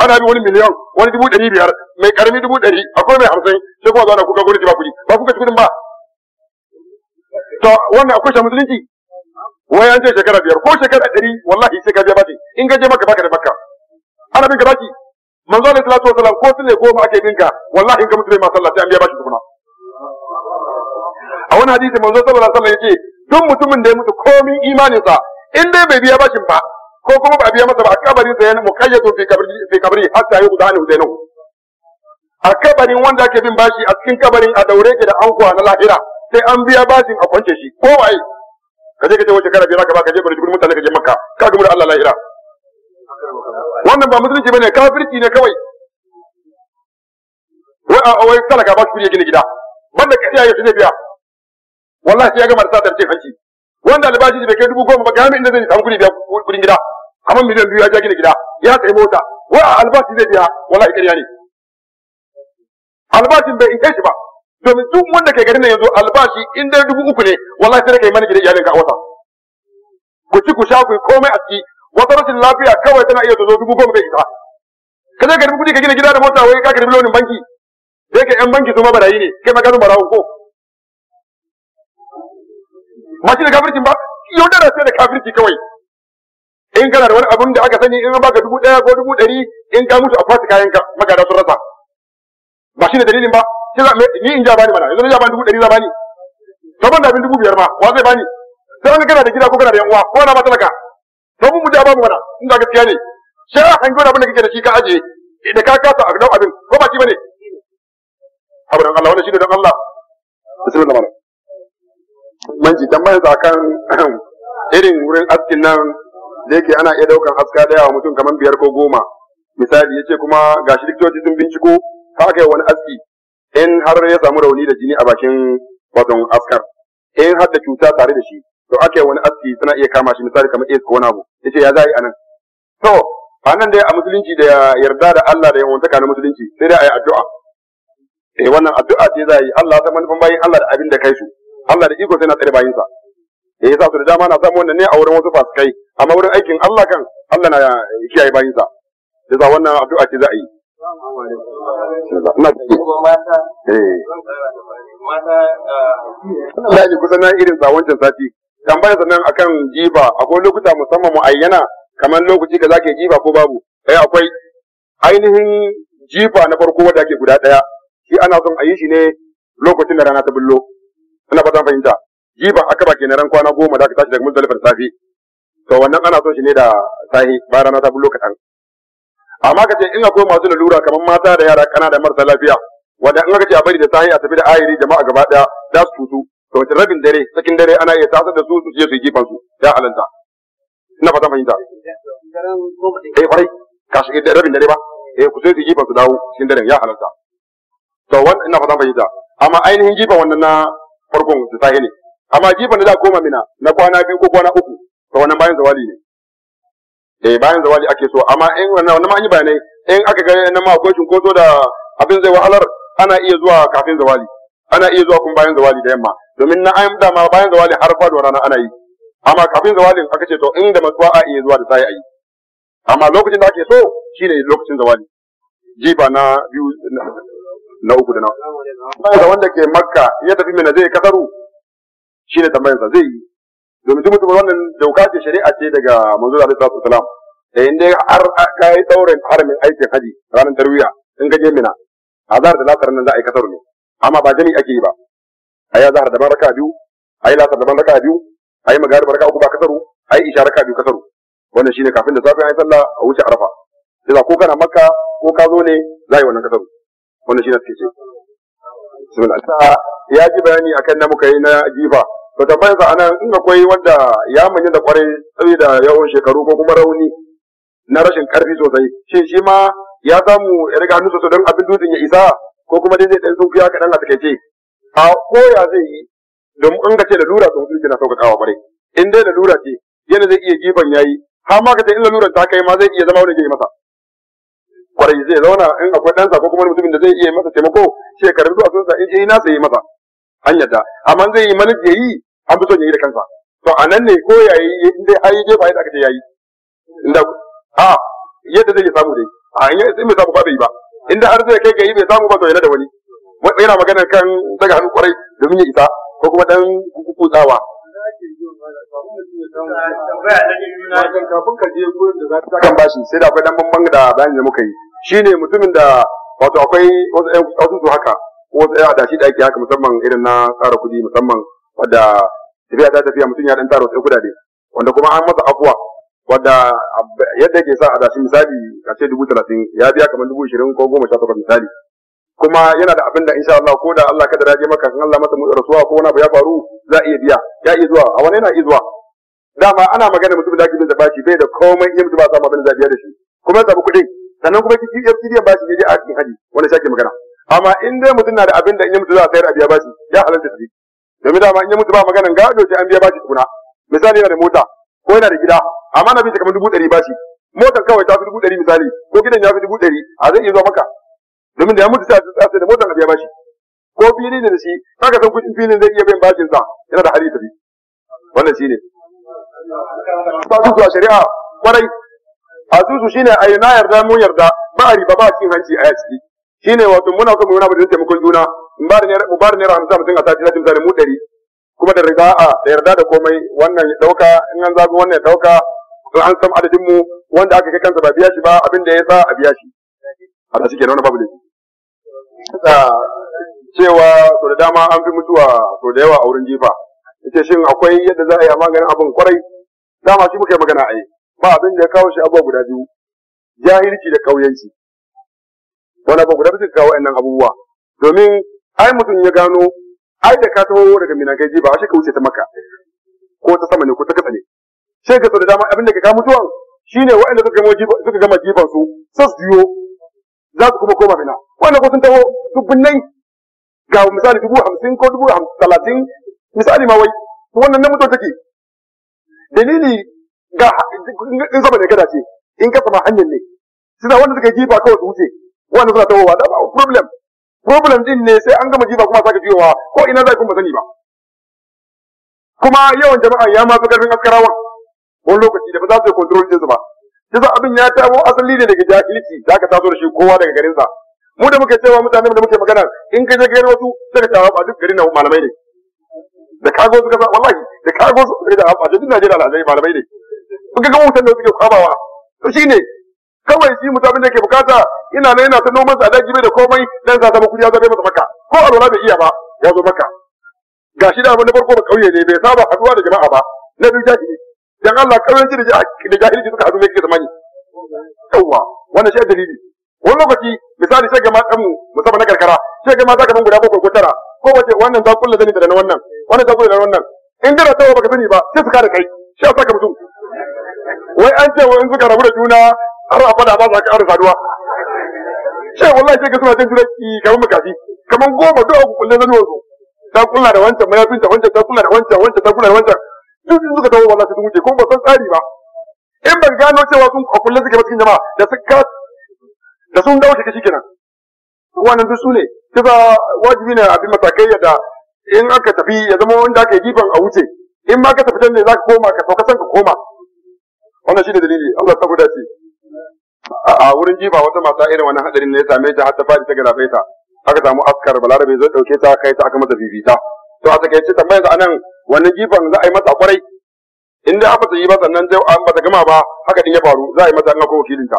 ana bi wani miliyan wani dubu ɗari biyar mai karami dubu ɗari akwai mai hamsin sai kuma zauna ga gwamnati ba kuɗi ba kuka ci kudin ba to wannan akwai shi musulunci wai an ce shekara biyar ko shekara ɗari wallahi sai ka je baki in ka je maka baka da makka ana bin ka baki manzo alaihi wasallam ko sule goma ake bin ka wallahi in ka mutu ma sallah sai an biya baki tukuna a wani hadisi manzo sallallahu alaihi wasallam yake duk mutumin da ya mutu komin imaninsa in dai bai biya bashin ba ko kuma ba biya masa ba a kabarin sa yana muqayyad fi kabri fi kabri hatta yudhanu dainu a kabarin wanda ake bin bashi a cikin kabarin a daure ke da ankuwa na lahira sai an biya bashin a kwance shi ko waye ka je ka ce wace kana biyar ka ba ka je gurin mutane ka je makka ka gamu Allah la ilaha wannan ba musulunci bane kafirci ne kawai wa a wai talaka ba su kuje gina gida banda ka iyaye su ne biya wallahi sai ya gama da sadar ce hanci wanda albashi bai kai dubu goma ba ga inda zai samu kuɗi biya kuɗin gida amma miliyan biyu ya ja gina gida ya sai mota wa albashi zai biya wallahi ƙarya ne albashin bai in kai shi ba domin duk wanda kai garin nan yanzu albashi in dai dubu uku ne wallahi sai kai mana gidan iyalinka a wata ku ci ku sha ku komai a ciki wata rashin lafiya kawai tana iya zo dubu goma bai isa ka je ka kuɗi ka gina gida da mota wai ka karbi launin banki sai ka yan banki su ma barayi ne kai ma ka zama ko ba shi da kafircin ba yaudara sai da kafirci kawai in kana da wani abun da aka sani in baka dubu ɗaya ko dubu ɗari in ka mutu a fasi kayan ka magada sun rasa ba shi ne dalilin ba ni in ja bani mana yanzu na ja bani dubu ɗari za bani to ban da abin dubu biyar ma wa zai bani sai wani kana da gida ko kana da yan uwa ko na ma talaka to mun mu ja babu mana in da gaskiya ne sai an hango abin da kake da shi ka aje da ka kasa a abin ko ba ki bane abu dan Allah wannan shine dan Allah bismillah mana manji tambayar sa kan <clears throat> irin wurin askin nan da yake ana iya daukan aska da wa mutum kamar biyar ko goma misali yace kuma gashi likitoci sun binciko ka aka yi wani aski in har ya samu rauni da jini a bakin wato askar in har da cuta tare da shi to ake wani aski suna iya kama shi misali kamar AIDS ko wani abu yace ya zai anan to anan dai a musulunci da yarda da Allah da yawantaka na musulunci sai dai a yi addu'a eh wannan addu'a ce za yi Allah ta manufan bayin Allah da abin da kai su Allah da iko sai na tsare bayin sa eh yasa su da dama na samu wannan ne a wurin wasu fasikai amma wurin aikin Allah kan Allah na kiyaye bayin sa yasa wannan addu'a ce za a yi Mata ji kusan na irin sa wancan sati. Tambaya sannan akan jiba akwai lokuta musamman muayyana kamar lokaci ka zake jiba ko babu. Eh akwai ainihin jifa na farko wadda ake guda ɗaya shi ana son a yi shi ne lokacin da rana ta bullo ina fatan fahimta jifa aka ba kenan ran kwana goma da aka tashi daga muzdalifa da safe to wannan ana son shi ne da sahi ba rana ta bullo kaɗan amma ka ce in akwai masu lalura kamar mata da yara kana da marasa lafiya wanda in aka ce a bari da sahi a tafi da ayiri jama'a gaba daya za su tutu to wata rabin dare cikin dare ana iya tasar da su su je su yi su ya alanta ina fata fahimta eh kwarai ka shiga rabin dare ba eh ku sai su yi su dawo cikin dare, ya alanta to wannan ina fata fahimta amma ainihin gifa wannan na farkon da sahi ne amma jifan da za a koma mina na kwana biyu ko kwana uku to wannan bayan zawali ne eh bayan zawali ake so amma in wannan wannan ma an yi bayanai in aka ga nan ma akwai cinkoso da abin zai wahalar ana iya zuwa kafin zawali ana iya zuwa kuma bayan zawali da yamma domin na ayyam da ma bayan zawali har faduwa rana ana yi amma kafin zawalin aka ce to inda matsuwa a iya zuwa da sai ayi amma lokacin da ake so shine lokacin zawali jiba na biyu na uku da na da wanda ke makka ya tafi mina zai kasaru shine tambayarsa zai yi domin duk mutum wannan dauka ce shari'a ce daga manzo da alaihi salam da inda har ka yi tsaurin haramin aikin haji ranar tarwiya in ka je mina azhar da lasar nan za a yi kasar ne amma ba jami ake yi ba ayi azhar da baraka biyu ayi lasar da baraka biyu ayi magarib baraka uku ba kasaru ayi isha baraka biyu kasaru wannan shine kafin da safe ayi sallah a wuce arafa sai ko kana makka ko ka zo ne za a yi wannan kasaru wannan shine suke ce ya ji bayani akan na muka yi na jifa to tambayar sa anan in akwai wanda ya manya da kwarai saboda yawan shekaru ko kuma rauni na rashin karfi sosai shin shi ma ya samu ya riga hannu sosai don abin dutsen ya isa ko kuma dai zai dan sun fiya kaɗan a takaice a koya zai yi don in ka ce lalura sun fi kina sauƙaƙawa kwarai in dai lalura ce yana zai iya gifan yi har ma ka ce in laluran ta kai ma zai iya zama wani zai masa kwarai zai zauna in akwai ɗansa ko kuma mutumin da zai iya masa taimako shekarun zuwa sun sa in eh nasa yi masa an yadda amma zai yi manaj ya yi an fi son ya yi da kansa to a nan ne ko ya yi inda har yi jefa yadda aka ce ya yi inda a yadda zai samu dai a in yi bai samu ba bai ba inda har zai kai ga yi bai samu ba to yana da wani yana magana kan daga hannu kwarai domin ya isa ko kuma dan kutsawa kafin ka je gurin da za ta kan bashi sai da akwai dan bambam da bayanin da muka yi shine mutumin da wato akwai wasu wasu haka ko tsaya da shi da ake haka musamman irin na tsara kuɗi musamman wadda tafiya ta tafiya mutum ya dan tara wasu kuɗaɗe wanda kuma an masa afuwa wadda yadda yake sa a dashi misali a ce dubu talatin ya biya kamar dubu ishirin ko goma sha takwas misali kuma yana da abin da insha Allah ko da Allah kada je maka kan Allah masa rasuwa ko wani abu ya faru za a iya biya ya iya zuwa a wani yana iya zuwa dama ana magana mutum da ake bin bashi bai da komai iya mutum ba sa abin da za a biya da shi kuma ya samu kuɗi sannan kuma ki ya bashi je a cikin haji wani sake magana amma in dai mutum na da abin da in yi mutu za a sayar a biya bashi ya halarta su domin dama in yi mutu ba maganan gado ce an biya bashi tukuna misali yana da mota ko yana da gida amma na ta kamar dubu ɗari bashi motar kawai ta fi dubu ɗari misali ko gidan ya fi dubu ɗari a zai iya zuwa maka domin da ya mutu sai a da motar a biya bashi ko fili ne da shi kaga san kuɗin filin zai iya bin bashin sa yana da hali tafi wannan shine ba su zuwa shari'a kwarai a su shine a na yarda mun yarda ba a riba ba cin hanci a yaci shine wato muna so mu wani abu da taimakon juna in ne mu ba da ne rahamsa mutum a sati zare mu ɗari kuma da riga a, da yarda da komai wannan ya ɗauka in an zago wannan ya ɗauka to an san adadin mu wanda aka kai kansa ba biya shi ba abin da ya sa a biya shi Allah shi kenan wani babu laifi cewa to da dama an fi mutuwa to da yawa a wurin jifa yace shin akwai yadda za a yi a maganin abin kwarai dama shi muka yi magana a yi ba abin da ya kawo shi abubuwa guda biyu jahilci da ƙauyanci wani ba guda ba kawo wa'annan abubuwa domin ai mutum ya gano ai da ka taho daga ji ba shi ka wuce ta maka ko ta sama ne ko ta kasa ne shi ka da dama abin da ka kawo mutuwan shine wa'anda suka gama suka gama jifan su su juyo za su kuma koma mina wa'anda ko sun taho nan ga misali dubu hamsin ko dubu talatin misali ma wai wannan na mutuwa take dalili ga in sama ne kada ce in ka sama hanyar ne suna wanda suka jifa kawai su wuce Wannan suna tawowa da ba problem problem din ne sai an gama jifa kuma sake jiwa ko ina za ku ba sani ba kuma yawan jama'a ya ma fi karfin askarawa wani lokaci da ba za su yi control jinsu ba yasa abin ya tabo asali ne daga jahilci da aka taso da shi kowa daga garin sa mu da muke cewa mutane da muke magana in ka je garin wasu sai ka tawa ba duk garin na malamai ne da kago suka sa wallahi da kago suka da a duk Najeriya da malamai ne kuka ga wutan da suke kwabawa to shine kawai shi mutum abin da ke bukata ina nan ina ta noman sa daji bai da komai dan sa zama kudi ya zabe masa maka ko alwala bai iya ba ya zo maka gashi da abin da farko ba kauye ne bai saba haduwa da jama'a ba na biyu jahili dan Allah kauyanci da da jahilci suka hadu ne kike zamani yawa wannan shi dalili wani lokaci misali sai ga matan mu musamman na karkara sai ga mata kaman guda bakwai ko tara ko wace wannan za kulla zani da na wannan wannan za kulla da wannan in dira tawa baka sani ba sai su kare kai shi ya saka mutum wai an ce wai in suka rabu da juna har abada ba za ka ƙara saduwa ce wallahi sai ka suna jin jiraki kamar makafi kamar goma duk ku kullun zanuwar su ta kulla da wancan mayafin ta wancan ta kulla da wancan wancan ta kulla da wancan duk sun suka dawo wallahi sun wuce kuma ba san tsari ba in ban gano cewa sun a kullun suke cikin jama'a da suka da sun dawo take kenan. wannan duk su ne kisa wajibi ne a bi matakai da in aka tafi ya zama wanda aka yi gifan a wuce in ma ka tafi ne za ka koma ka sauka san ka koma wannan shi ne dalili Allah ta gudace a wurin jiba wata mata irin wani hadarin ne ya same ta har ta fadi ta garafe ta aka samu askar balarabe zai dauke ta kai ta aka mata bibita to a take ce tambayar anan wani jifan za a yi mata kwarai in dai aka yi ba sannan dai an bata gama ba haka din ya faru za a yi mata an ko wakilin ta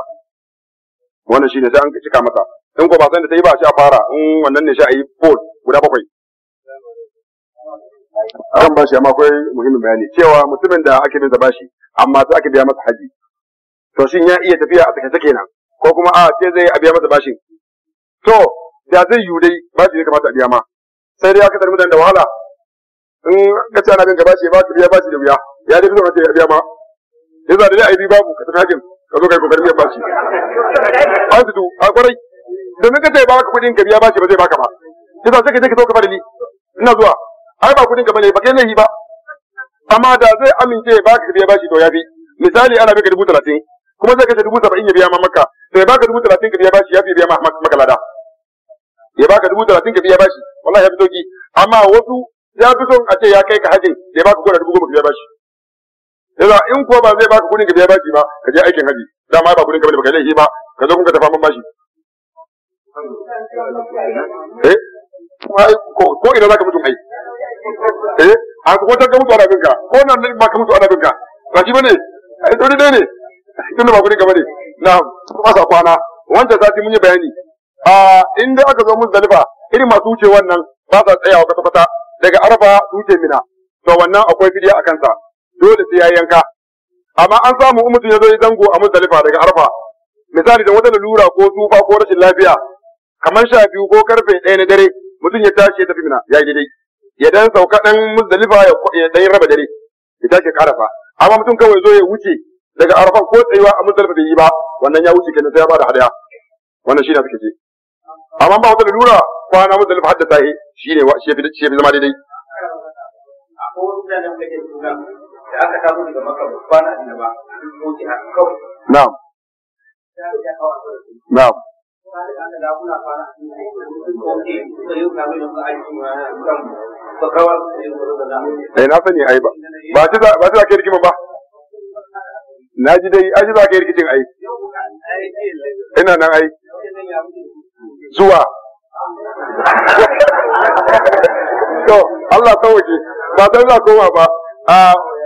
wannan shine sai an cika mata in ko ba san da ta yi ba shi a fara in wannan ne shi a yi pole guda bakwai Kan bashi amma akwai muhimmin bayani cewa mutumin da ake bin bashi amma sai ake biya masa haji to shin ya iya tafiya a take kenan ko kuma a ce zai a biya masa bashin to da zai yiwu dai bashi ne kamata a biya ma sai dai aka tsari mutane da wahala in ka ci ana ganka bashi ba ka biya bashi da wuya ya dai zuwa ya biya ma ya za da dai biyu babu ka tafi hajjin ka zo kai kokarin biyan bashi an su a kwarai domin ka ce ba ka kuɗin ka biya bashi ba zai baka ba yasa sai ka je ka zo ka fara ni ina zuwa ai ba kuɗin ka bane ba kai yi ba amma da zai amince ba ka biya bashi to ya fi misali ana bai ka dubu talatin kuma zai kashe dubu saba'in ya biya ma maka to ya baka dubu talatin ka biya bashi ya fi biya ma maka lada ya baka dubu talatin ka biya bashi wallahi ya fi sauki amma wasu ya fi son a ce ya kai ka haje ya baka kuɗa dubu goma ka biya bashi yanzu in kuwa ba zai baka kuɗin ka biya bashi ba ka je aikin haji dama ba kuɗin ka bane ba ka laifi ba ka zo kun ka tafa man bashi eh ko ko ina zaka mutum ai eh a ko ta ga mutu ana binka ko nan ne ba ka mutu ana binka ba shi bane ai dole ne tun ba gudun gaba ne na masa kwana wancan sati mun yi bayani a inda aka zo muzdalifa irin masu wuce wannan ba sa tsayawa kwata kwata daga arafa wuce mina to wannan akwai fidiya a kansa dole sai ya yanka amma an samu Umutu ya zo ya zango a muzdalifa daga arafa misali da wata lura ko tufa ko rashin lafiya kamar sha biyu ko karfe ɗaya na dare mutum ya tashi ya tafi mina ya yi daidai ya dan sauka dan muzdalifa ya dan raba dare ya tashi karafa amma mutum kawai zo ya wuce daga arafan ko tsayuwa a muzdalifa bai yi ba wannan ya wuce kenan sai ya da hadaya wannan shine suke ce amma ba wata lura kwana muzdalifa hadda tahi shine shi ya fi shi ya fi zama daidai ba kawai na'am na'am Eh na sani ai ba ba ba ke ba na ji dai aji za ka yi rikicin ai ina nan ai zuwa <laughs> to Allah waje, ba zan za koma ba a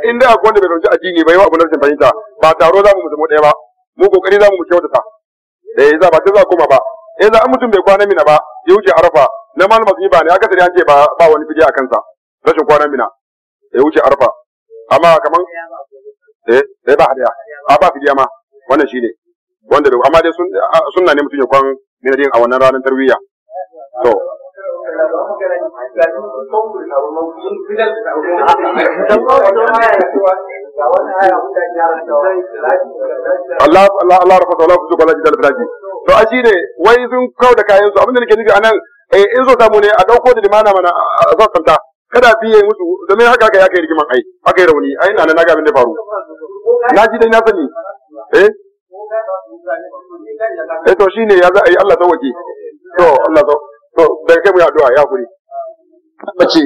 inda akwai wanda bai dauki addini ba wa abu na fahimta ba taro za mu mutum ɗaya ba mu kokari za mu kyautata da eh, ya za ba ta za koma ba ya eh, za an mutum bai kwana mina ba ya wuce arafa na malama masu yi ba ne aka tare an ce ba wani fige a kansa rashin kwana mina ya wuce arafa amma kamar. eh sai eh, ba hadiya a ah, ba fidiya ma wannan shine wanda da amma dai ah, sunna ne mutum ya minadin a wannan ranar tarwiyya to Allah Allah Allah rafa Allah to a shine wai sun kau da kayan su abinda nake nufi a nan, eh, in so samu ne a ɗauko da limana mana a zakkanta kada biye musu domin haka haka ya kai rigiman ai haka yi rauni ai na na ga abin da faru na ji dai na sani eh eh to shine ya za a yi Allah sauke to Allah to to daga kai mu addu'a ya kuri bace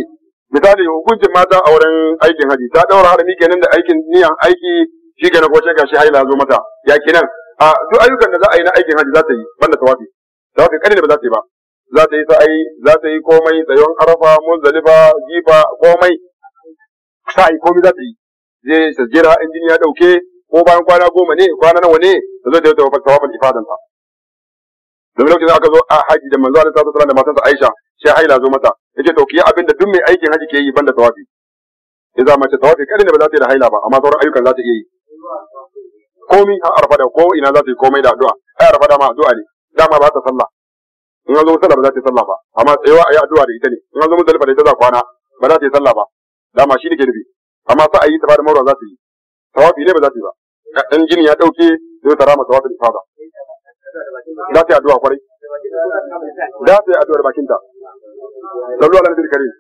misali hukuncin mata a wurin aikin haji ta daura harami kenan da aikin niyan aiki shi na ko ga shi haila zo mata ya kenan a duk ayyukan da za a yi na aikin haji za ta yi banda tawafi tawafi kadai ne ba za ta yi ba za ta yi sa'ayi za ta yi komai tsayon arafa muzdalifa jifa komai sa'ayi komai za ta yi zai sajjera injin ya dauke ko bayan kwana goma ne kwana nawa ne da zai ta tawafin ifadan ta domin lokacin da aka zo a haji da manzo Allah ta alaihi da matarsa Aisha sai haila zo mata yace to kiyi abin da duk mai aikin haji ke yi banda tawafi idan mace tawafi kada ne ba za ta yi da haila ba amma sauran ayyukan za ta iya yi komai har arfa da ko ina za ta yi komai da addu'a ai arfa da ma addu'a ne dama ba ta sallah in an zo sallah ba za ta yi sallah ba amma tsayawa a yi addu'a da ita ne in an zo muzdalifa da ita za kwana ba za ta yi sallah ba dama shi ne ke nufi amma sa a yi tafa da marwa za ta yi tawafi ne ba za ta yi ba dan jini ya dauke zai tara ma wata ifada za ta yi addu'a kwarai za ta yi addu'a da bakinta sallu ala nabi karim